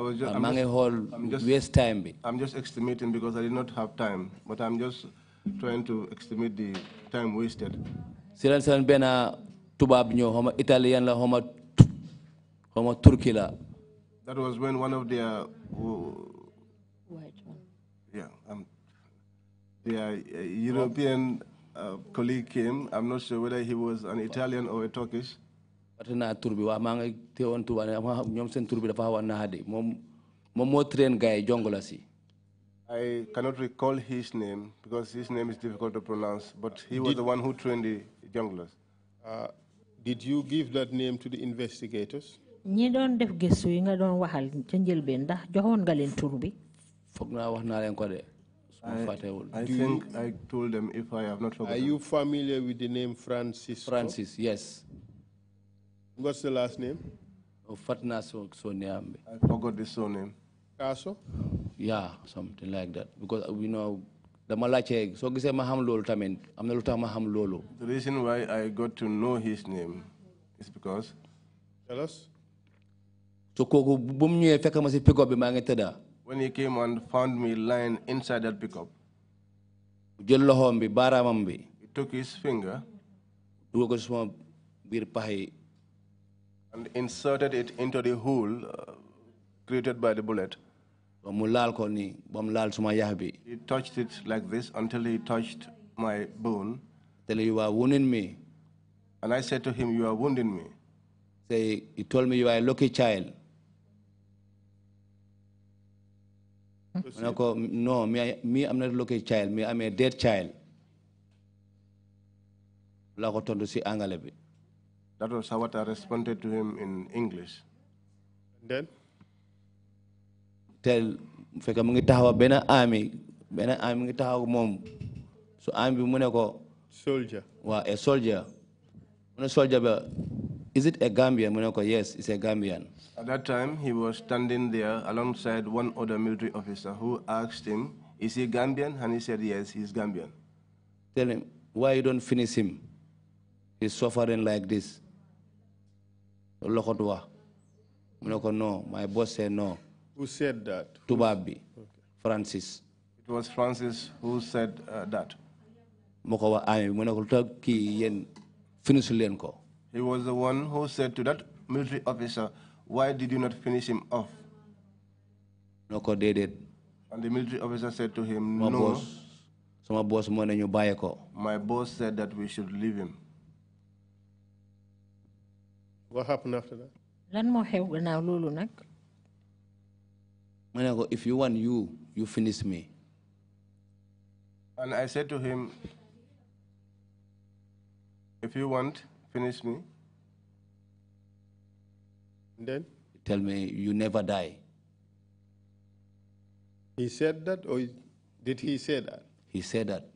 was just, I'm, just, whole I'm just waste time I'm just estimating because I did not have time, but I'm just trying to estimate the time wasted. Silan silan bena tubab ñoo xama Italian, la xama la. That was when one of their uh, white one. Yeah, um, their uh, European uh, colleague came. I'm not sure whether he was an Italian or a Turkish partenaire tur bi waaw maa ngi teewoon Touba ñoom seen tur bi dafa xaw a naxadi moom moom train gars jongola si. I cannot recall his name because his name is difficult to pronounce, but he was did, the one who trained the junglers. Uh, did you give that name to the investigators? ñi doon def gëstu yi nga doon waxal ca njëlbeen ndax joxoon nga leen tur bi. foog wax naa leen ko de. I, I think I told them if I have not forgotten. Are you familiar with the name Francisco? Francis, yes. What's the last name? Oh, Fatna so I forgot the surname. Kaso? Yeah, something like that. Because uh, we know the laajte soo gisee ma xam loolu tamit am na lu tax the reason why I got to know his name is because. tell us. when he came and found me lying inside that pickup, up. jël he took his finger and inserted it into the hole uh, created by the bullet. He touched it like this until he touched my bone. Till you are wounding me. And I said to him, You are wounding me. Say, he told me you are a lucky child. no, me, me, I'm not a lucky child. Me, I'm a dead child. si that was how I responded to him in English. And then? Tell, fekk mu ngi taxaw benn army benn army mu ngi taxaw moom su army bi ko. soldier. waaw a soldier. mu ne soldier ba is it a Gambian mu ko yes it's a Gambian. At that time he was standing there alongside one other military officer who asked him is he Gambian and he said yes he's Gambian. Tell him why you don't finish him he's suffering like this loolu la ko no my boss said no. who said that. tubaab bi Francis. it was Francis who said uh, that. moo ko I armée bi mu ne ko ko. he was the one who said to that military officer why did you not finish him off. no ko and the military officer said to him. no sama boss ne ñu ko. my boss said that we should leave him. What happened after that? lan more xew gannaaw loolu nag ma ne ko if you want you you finish me and I said to him if you want finish me and then tell me you never die he said that or did he say that he said that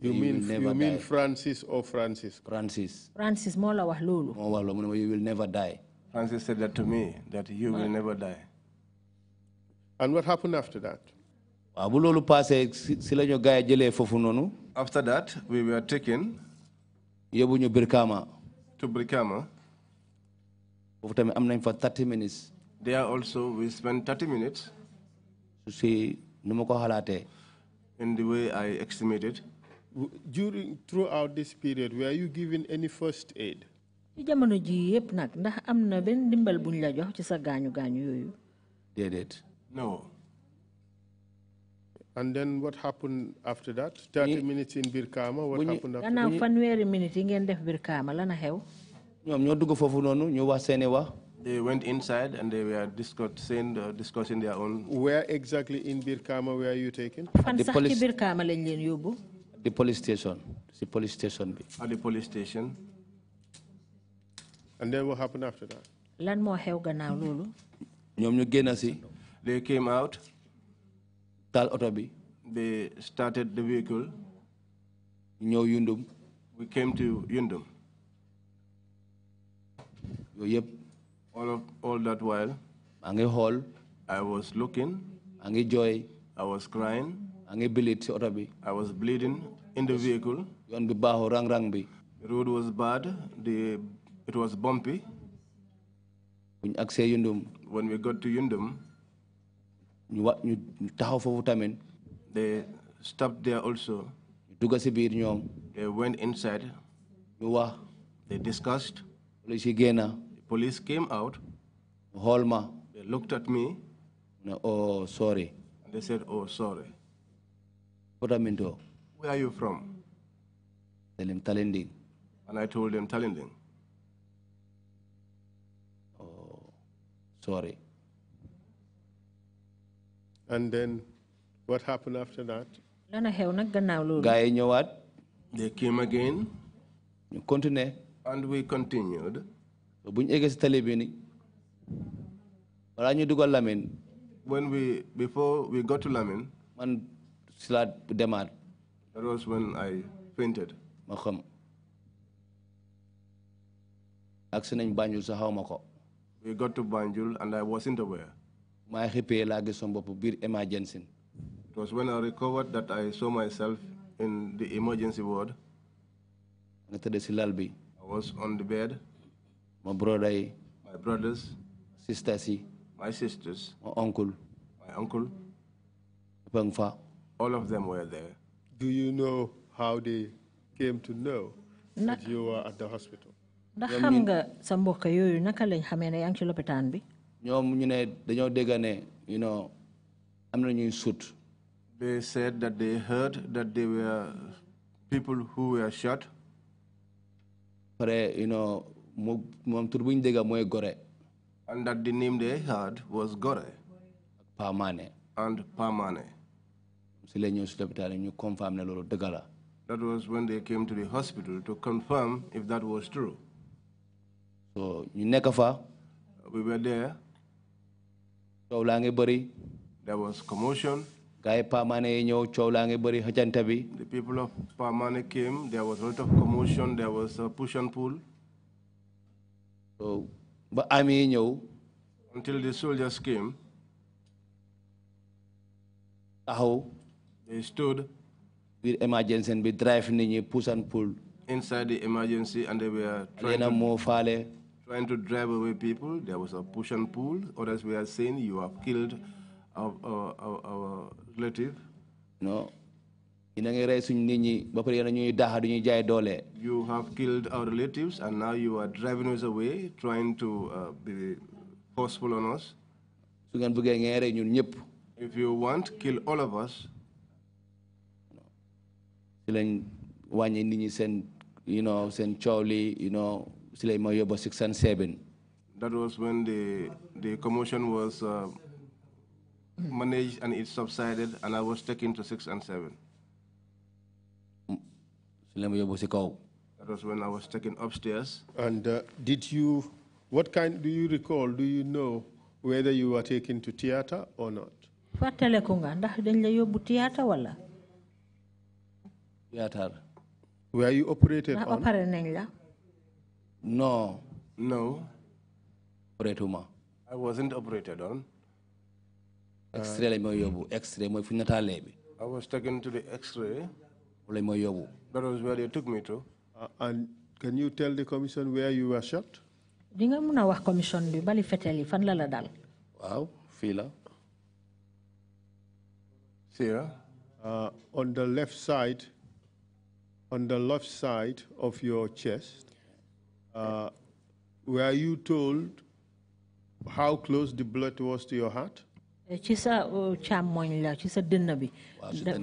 you mean, never you mean die. Francis or Francis? Francis, francis mola wax you will never die. Francis said that to me, that you will never die. And what happened after that? Eh, after that, we were taken to Brikama. For 30 minutes There also, we spent 30 minutes in the way I estimated during throughout this period were you given any first aid ci jamono ji yépp nag ndax am na benn dimbal buñ la jox ci sa ganu ganu. yooyu déedéet no and then what happened after that 30 minutes in Birkama what happened after gannaaw fanweeri minutes yi ngeen def Birkama la xew ñoom ñoo dugg foofu noonu ñu wax seeni wax They went inside and they were discussing, uh, discussing their own. Where exactly in Birkama were you taken? The police. The police station. the police station. At the police station. And then what happened after that? lan more xew gannaaw loolu. ñoom ñu génn They came out. Tal oto bi. They started the vehicle. ñëw Yundum. We came to Yundum. yooyu All of all that while. maa ngi I was looking. maa ngi joy. I was crying. I was bleeding in the vehicle. Yoon bi baaxu rang rang Road was bad. The it was bumpy. When we got to Yundum. They stopped there also. They went inside. They discussed. Police Police came out. Holma. They looked at me. oh sorry. They said oh sorry. Kodamindo. Where are you from? Tell him Talending. And I told him Talending. Oh, sorry. And then what happened after that? Guy you what? They came again. You continue. And we continued. When we before we got to Lamin, man si laa that was when I fainted. ma xam. agsi Banjul sa xaw ma we got to Banjul and I wasn't aware. maa xippee laa gis sama bopp biir emergency. it was when I recovered that I saw myself in the emergency ward. nga tëdd si lal I was on the bed. My brother my brothers. sisters my sisters. my uncle. my uncle. Pangfa. All of them were there. Do you know how they came to know that you were at the hospital? Na xam nga sa mbokk yooyu naka lañ xamee ne yaa ngi ci lopitaan bi. ñoom ñu ne dañoo dégg ne you know am na ñuy sut. They said that they heard that they were people who were shot. pare you know moom tur bu ñu dégg mooy Gore. and that the name they heard was Gore. Pamane. and Pamane si ñëw si ñu confirm ne loolu dëgg la. That was when they came to the hospital to confirm if that was true. So ñu nekk fa. We were there. coow laa ngi bëri. There was commotion. gars yi yi ñëw coow laa ngi bëri xëccante bi. The people of Pamane came there was a lot of commotion there was a push and pull. So ba army yi ñëw. Until the soldiers came. taxaw. They stood with emergency and be driving in push and pull. Inside the emergency, and they were trying to, trying to drive away people. There was a push and pull. Others were saying, "You have killed our, our, our, our relative." No. You have killed our relatives and now you are driving us away, trying to uh, be forceful on us. If you want, kill all of us. Then one wàññi nit ñi you know seen Charlie, you know si lañ ma six and seven. that was when the the commotion was uh, managed and it subsided and I was taken to six and seven. si lañ ma yóbbu that was when I was taken upstairs. And uh, did you, what kind, do you recall, do you know whether you were taken to theater or not? Fatale kunga, ndax dañ la theater wala? Yatar. Were you operated on? on? Nañ No. No. Operatuma. I wasn't operated on. Uh, X-ray lañ ma x X-ray mooy fu ñu I was taken to the X-ray. Le ma That was where they took me to. Uh, and can you tell the commission where you were shot? di muna wah commission bi bali fetel yi fan la la dal. waaw fii la. see uh, on the left side on the left side of your chest, uh, were you told how close the blood was to your heart? ci sa uh, càmmoñ la ci sa dënn bi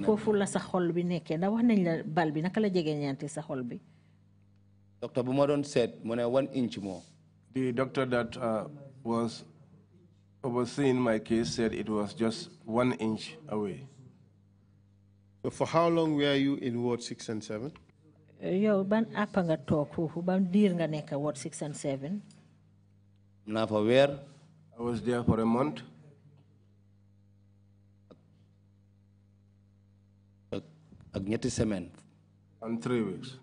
foofu la sa xol bi nekkee ndax wax nañ la bal bi naka la jege ñaante sa xol bi docteur bu ma doon seet mu ne one inch more the doctor that uh, was overseeing my case said it was just one inch away for how long were you in Ward 6 and 7? Eh, yow ban apa nga toog foofu ban diir nga nekk Ward 6 and 7. naa fa weer. I was there for a month. ak ñetti and three weeks.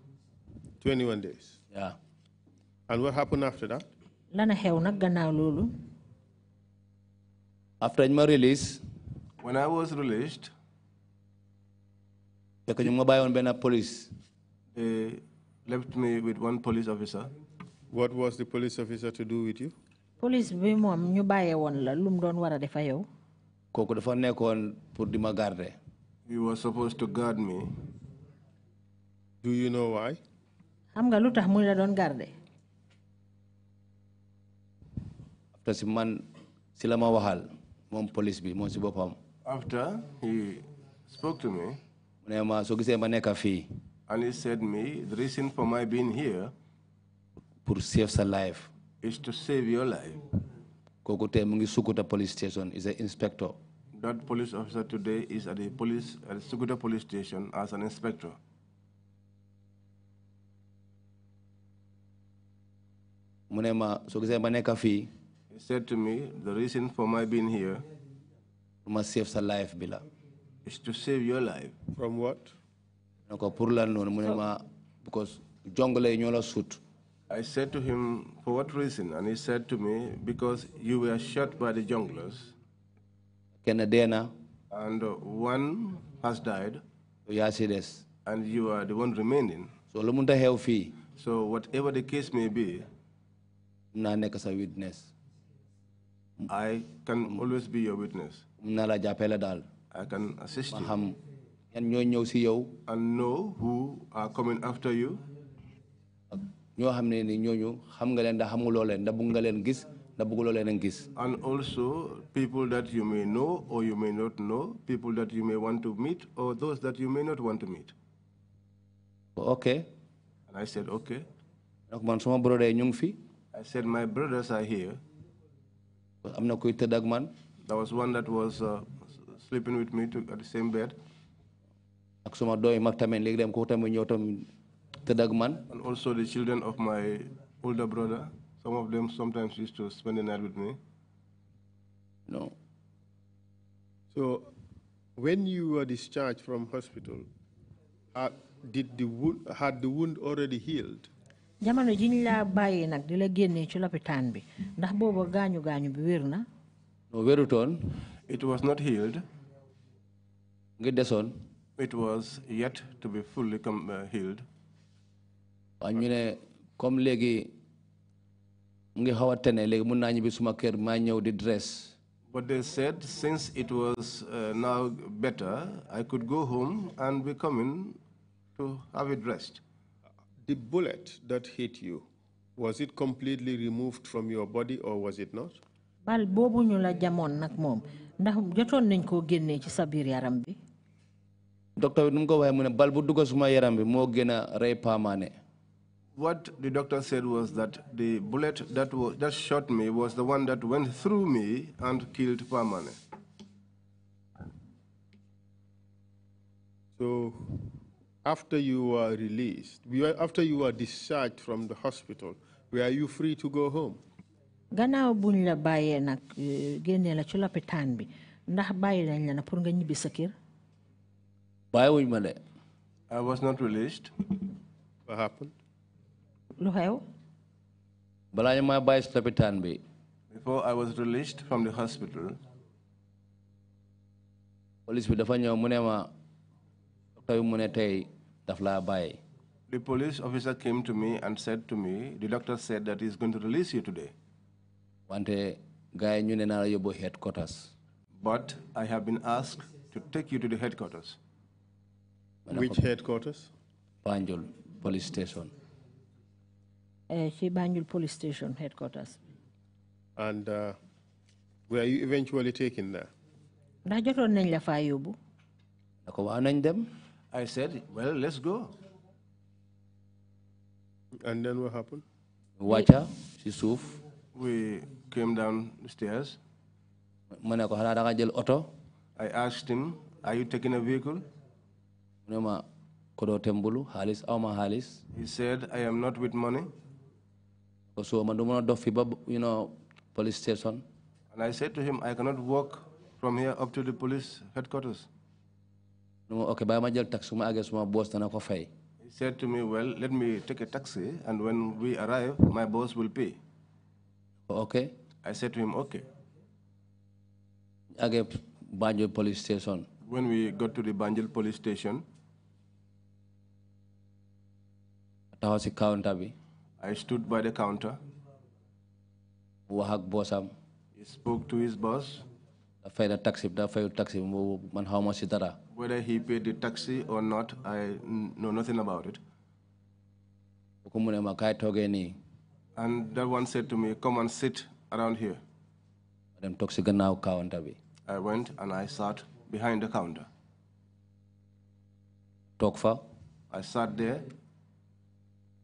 21 days. yeah. and what happened after that. lana xew nag gannaaw loolu. after ñu ma release. when I was released. Because you nga bàyyoon benn police. they eh, left me with one police officer. what was the police officer to do with you. police bi moom ñu bàyyee woon la lu doon war a defa yow. dafa nekkoon pour di garder. he was supposed to guard me. do you know why. xam nga lu tax mu la doon garder. after si man si la ma waxal police bi moom si after he spoke to me. Uh, and he said me, the reason for my being here pour save sa life. is to save your life. kooku tey mu police station is an inspector. That police officer today is at the police at the Sukuta police station as an inspector. Uh, he said to me, the reason for my being here. to save sa life bila is to save your life. From what? Because I said to him, for what reason? And he said to me, because you were shot by the junglers. And one has died. And you are the one remaining. So whatever the case may be, I can always be your witness. I can assist you. xam and know who are coming after you. and also people that you may know or you may not know people that you may want to meet or those that you may not want to meet. okay. and I said okay. donc man suma broda yi ñu I said my brothers are here. am na kuy tëdd ak there was one that was. Uh, sleeping with me to, at the same bed. and also the children of my older brother some of them sometimes used to spend the night with me. no. so when you were discharged from hospital uh, did the wound had the wound already healed. jamono jiñ laa bàyyee nag di la génnee ci lopitaan bi ndax booba gaañu gaañu bi wér na. no wérutoon. it was not healed nga it was yet to be fully uh, healed. waaye ñu ne comme léegi ngi xaw a tene léegi mun naa ñibbi kër maa di dress. But they said since it was uh, now better, I could go home and be coming to have it dressed. The bullet that hit you, was it completely removed from your body or was it not? Bal bobu ñu jamon nak mom ndax jotoon nañ ko génnee ci sa biir yaram bi docteur bi nu mu ko waxee mu ne bal bu dugg suma yaram bi moo gën a rey paamaane. What the doctor said was that the bullet that was, that shot me was the one that went through me and killed Pamane. So, after you were released, after you were discharged from the hospital, were you free to go home? Gannaaw buñ eh, la bàyyee nag génnee la ci lopitaan bi ndax bàyyi nañ la na pour nga ñibbi sa kër. Why I was not released. What happened? Lu xew? Balaa ñu ma bàyyi Before I was released from the hospital. Police bi dafa ñëw mu ma docteur bi The police officer came to me and said to me, the doctor said that he's going to release you today. Wante day, ñu ne naa headquarters. But I have been asked to take you to the headquarters. Which headquarters? Banjul Police Station. Uh, Banjul Police Station headquarters. And uh, were you eventually taken there? I said, well, let's go. And then what happened? Wacha, She We came down the stairs. I asked him, are you taking a vehicle? He said, I am not with money. So mandumana dofiba, you the police station. And I said to him, I cannot walk from here up to the police headquarters. Okay, taxi boss He said to me, well, let me take a taxi and when we arrive, my boss will pay. Okay. I said to him, okay. police station. When we got to the Banjul police station, taxaw si counter bi. I stood by the counter. wax ak boosam. He spoke to his boss. dafa fay na taxi dafa fayul taxi boobu man xaw ma si dara. whether he paid the taxi or not I know nothing about it. ku mu ne ma kaay toogee nii. and that one said to me come and sit around here. ma dem toog si gannaaw counter bi. I went and I sat behind the counter. toog fa. I sat there.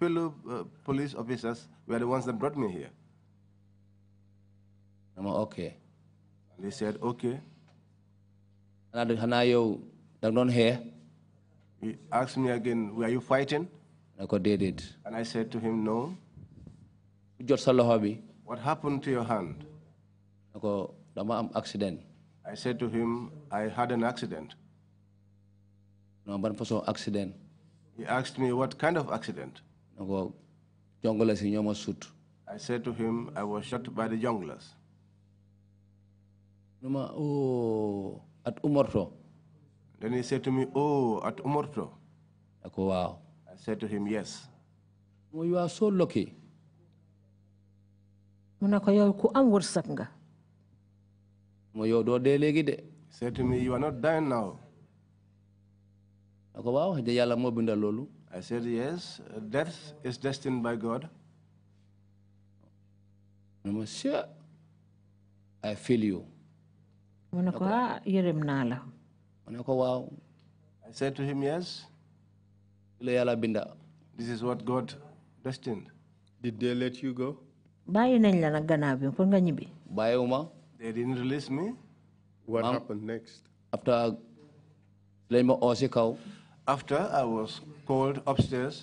fellow uh, police officers were the ones that brought me here. I'm okay. And they said, okay. He asked me again, were you fighting? And I said to him, no. What happened to your hand? accident. I said to him, I had an accident. No, accident. He asked me, what kind of accident? nako jongla si ñoma sut I said to him, I was shot by the junglers. Numa, oh, at Umorto. Then he said to me, oh, at Umorto. Ako, wow. I said to him, yes. Well, you are so lucky. Munako yow ku am wërsak nga. Mo yow do dee léegi de. you are not dying now. Ako, wow, de yàlla moo bindal loolu. I said, yes, death is destined by God. Monsieur, I feel you. mu I said to him, yes. binda. this is what God destined. did they let you go. bàyyi nañ they didn't release me. what happened next. after after I was called upstairs.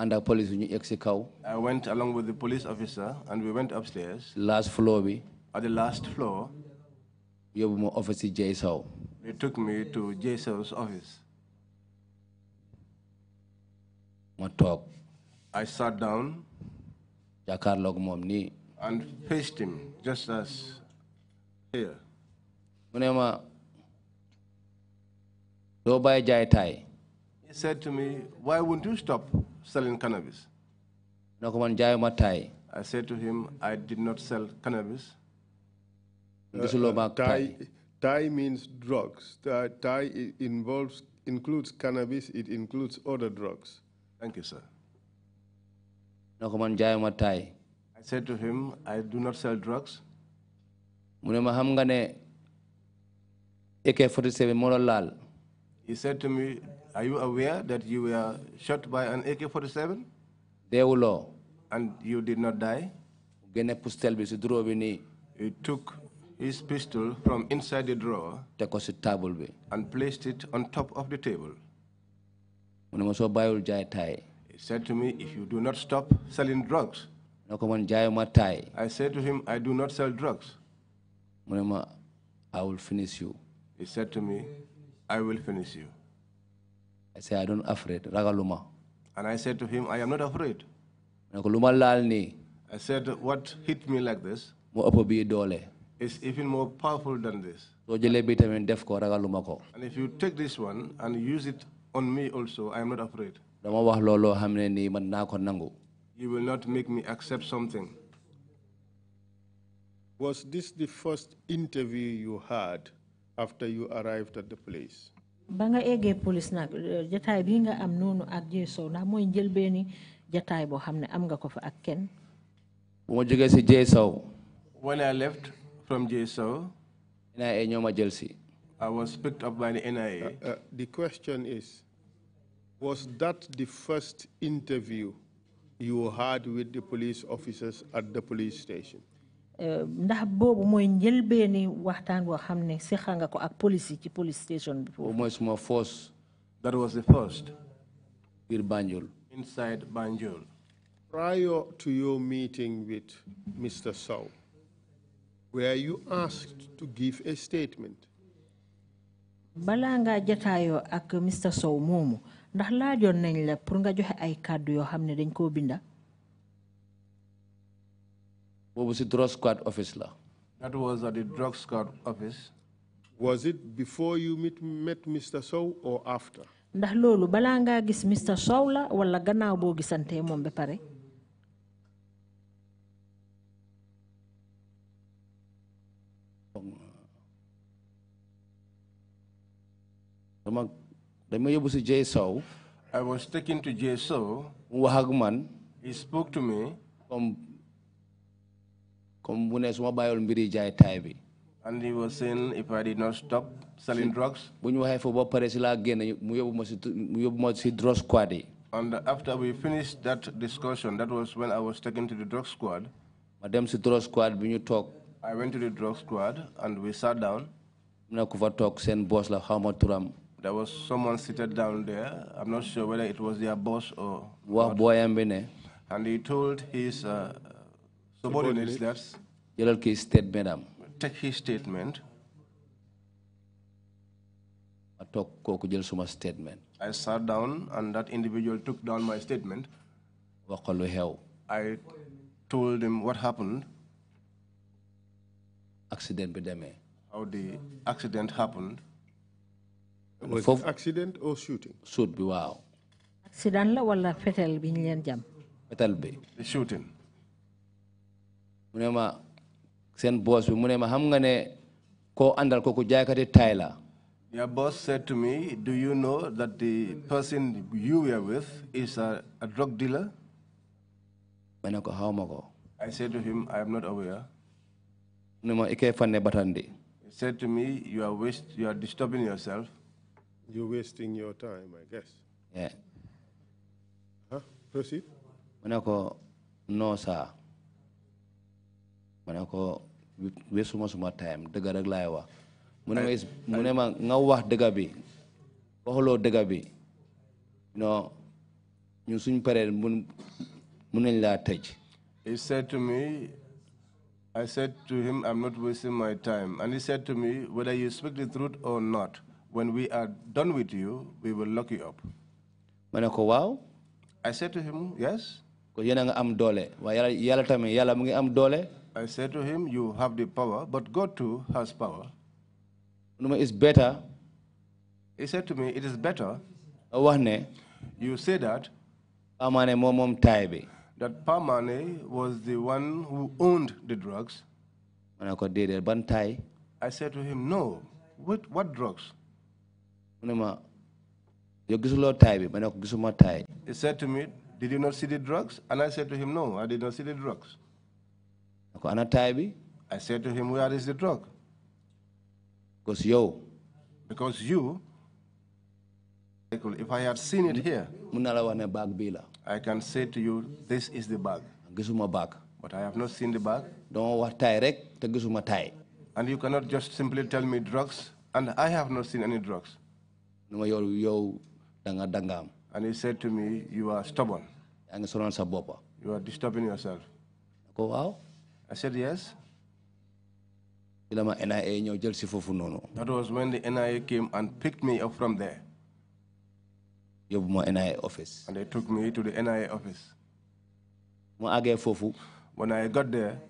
under police bi ñu I went along with the police officer and we went upstairs. last floor bi. at the last floor. You ma office si Jay Sow. They took me to Jay Sow's office. ma I sat down. jàkkaarloog moom nii. and faced him just as here. mu he said to me why wouldn't you stop selling cannabis. na ko I said to him I did not sell cannabis. gisuloo ma taay. Thai means drugs. Thai uh, involves includes cannabis. It includes other drugs. Thank you, sir. I said to him, I do not sell drugs. Munema AK-47 moral lal. He said to me, Are you aware that you were shot by an AK 47? low. And you did not die? He took his pistol from inside the drawer and placed it on top of the table. He said to me, If you do not stop selling drugs, I said to him, I do not sell drugs. I will finish you. He said to me, I will finish you. I said, I don't afraid. Ragaluma. And I said to him, I am not afraid. I said, what hit me like this is even more powerful than this. And if you take this one and use it on me also, I am not afraid. You will not make me accept something. Was this the first interview you had after you arrived at the place? Banga ege police na jatay bi nga am nonu na mo jël beni jatay bo xamne am nga ko fa ak ken jeso when i left from jeso na e ñoma i was picked up by the nia uh, uh, the question is was that the first interview you had with the police officers at the police station Eh, ndax boobu mooy njëlbeeni waxtaan boo xam ne nga ko ak police ci police station bi. force. that was the first. biir Banjul. inside Banjul. prior to your meeting with Mr. Sow, were you asked to give a statement? balaa ngaa jataayoo ak Mr. Sow moomu ndax laajoon nañ la pour nga joxe ay kàddu yoo xam ne dañ koo what was the drug squad office la? That was at the drug squad office. Was it before you meet, met Mr. Sow or after? ndax loolu balaa ngaa gis Mr Sow la wala gannaaw boo gisantee moom ba pare. dama dama yóbbu si Jay Sow. I was taken to Jay Sow. mu wax ak man. he spoke to me. comme comme mbiri jaay bi. and he was saying if I did not stop selling drugs. we ñu waxee foofu ba pare si again. génn mu yóbbu ma si mu ma drug squad yi. and after we finished that discussion that was when I was taken to the drug squad. ma dem drug squad bi ñu talk. I went to the drug squad and we sat down. mu ne fa toog seen boss la xaw turam. there was someone seated down there. I'm not sure whether it was their boss or. wax booyam bi ne. and he told his uh, subordinates left. jëlal kii statement am. take his statement. ma toog kooku jël suma statement. I sat down and that individual took down my statement. wax lu xew. I told him what happened. accident bi demee. how the accident happened. Was it accident or shooting? Shoot bi waaw. accident la wala fetal bi ñu leen jam. fetal bi. the shooting mu boss bi xam nga ne àndal la. Your boss said to me, do you know that the person you were with is a, a drug dealer? I said to him, I am not aware. mu ne fanne batandi. He said to me, you are, waste, you are disturbing yourself. You're wasting your time, I guess. Yeah. Huh? Proceed. mu ne sir ma ne ko wesuma suma time dëgg rek laay wax mu ne ma mu ne ma nga wax dëgg bi waxuloo dëgg bi non ñun suñ paree mun mun nañ tëj. he said to me I said to him I'm not wasting my time and he said to me whether you speak the truth or not when we are done with you we will lock you up. ma ko waaw. I said to him yes. ko yéen a nga am doole waaye yàlla yàlla tamit yàlla mu ngi am doole. I said to him, You have the power, but God too has power. It's better. He said to me, It is better. Eh? You say that. That Pamane was the one who owned the drugs. I said to him, No. What, what drugs? He said to me, Did you not see the drugs? And I said to him, No, I did not see the drugs ana I said to him, Where is the drug? Because you." Because you, if I had seen it here, I can say to you, This is the bag. bag. But I have not seen the bag. Don't want direct And you cannot just simply tell me drugs, and I have not seen any drugs. And he said to me, You are stubborn. You are disturbing yourself. Go out. I said yes. That was when the NIA came and picked me up from there. NIA office. And they took me to the NIA office. When I got there,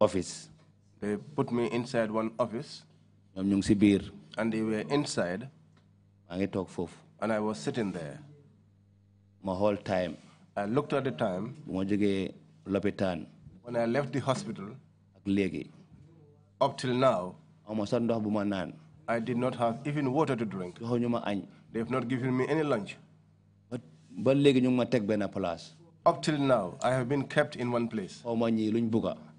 office. They put me inside one office. And they were inside. And I was sitting there. My whole time. I looked at the time. when I left the hospital. up till now. I did not have even water to drink. they have not given me any lunch. up till now, I have been kept in one place.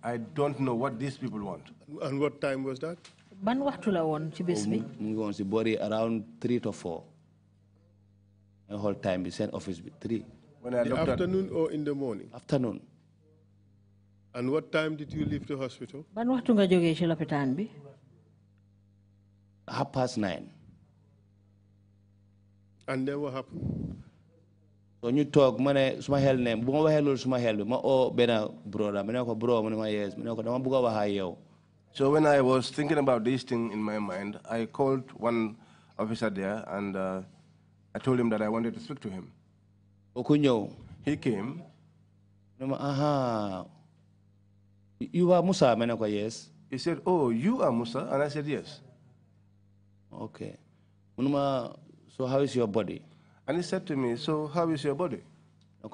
I don't know what these people want. And what time was that? ban waxtu la woon ci bés bi. mu ngi woon si around three to four. whole time bi seen office bi three. When I the looked afternoon or in the morning? Afternoon. And what time did you leave the hospital? Ban waxtu nga joge ci Half past nine. And then what happened? So you talk, ma ne suma xel ne bu ma waxee loolu suma xel ma oh, bena broda ma ne ko bro ma ne ma yes ma ne ko dama bëgg a wax So when I was thinking about this thing in my mind, I called one officer there and uh, I told him that I wanted to speak to him he came. No ma aha you are Musa ma yes. he said oh you are Musa and I said yes. okay munuma so how is your body. and he said to me so how is your body.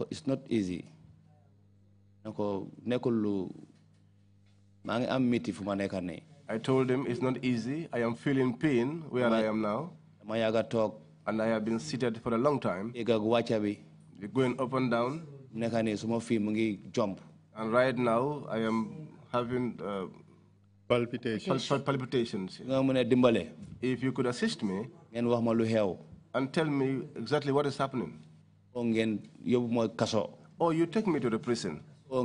it's not easy. ne ko nekkul lu maa am I told him it's not easy. I am feeling pain where I am now. And I have been seated for a long time. You're going up and down. jump. And right now, I am having uh, palpitations. Pal ne? Dimbale. If you could assist me and tell me exactly what is happening. yobu Or oh, you take me to the prison. ma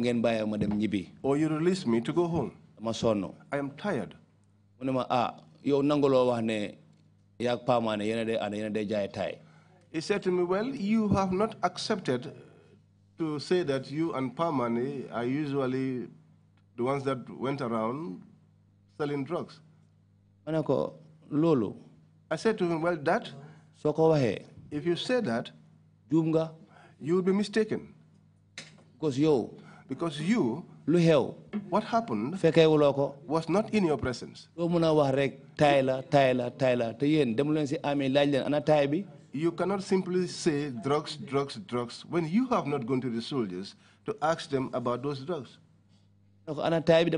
dem Or oh, you release me to go home. I am tired. Ne ma ah, yow nangoloo wax ne yaag paamaane yene de ane yene de jaay taay he said to me, well, you have not accepted to say that you and Pamani are usually the ones that went around selling drugs. Lolo. I said to him, well, that, if you say that, Jumga, you will be mistaken. Because you, because you, what happened was not in your presence. Tyler, Tyler, Tyler. You cannot simply say drugs, drugs, drugs when you have not gone to the soldiers to ask them about those drugs. I said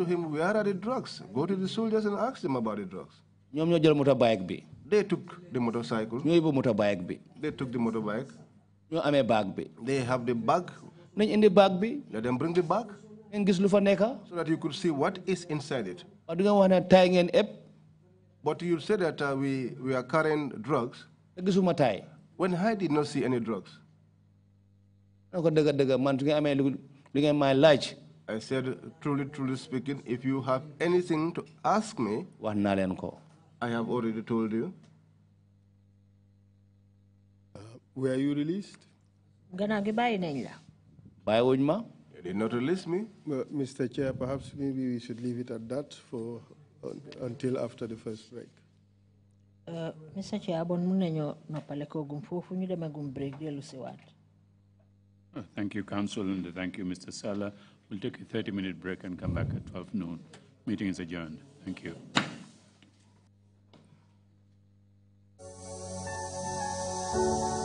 to him, where are the drugs? Go to the soldiers and ask them about the drugs. They took the motorcycle. They took the motorbike. They have the bag. Let them bring the bag. So that you could see what is inside it. But you say that uh, we, we are carrying drugs. When I did not see any drugs. I said, truly, truly speaking, if you have anything to ask me, I have already told you. Uh, were you released? They did not release me. Well, Mr. Chair, perhaps maybe we should leave it at that for until after the first break. Uh, Mr. Chair, abon muna nyo nopaleko gumfufu nyo break uh, Thank you, Council, and thank you, Mr. Sala. We'll take a 30-minute break and come back at 12 noon. Meeting is adjourned. Thank you. Thank you.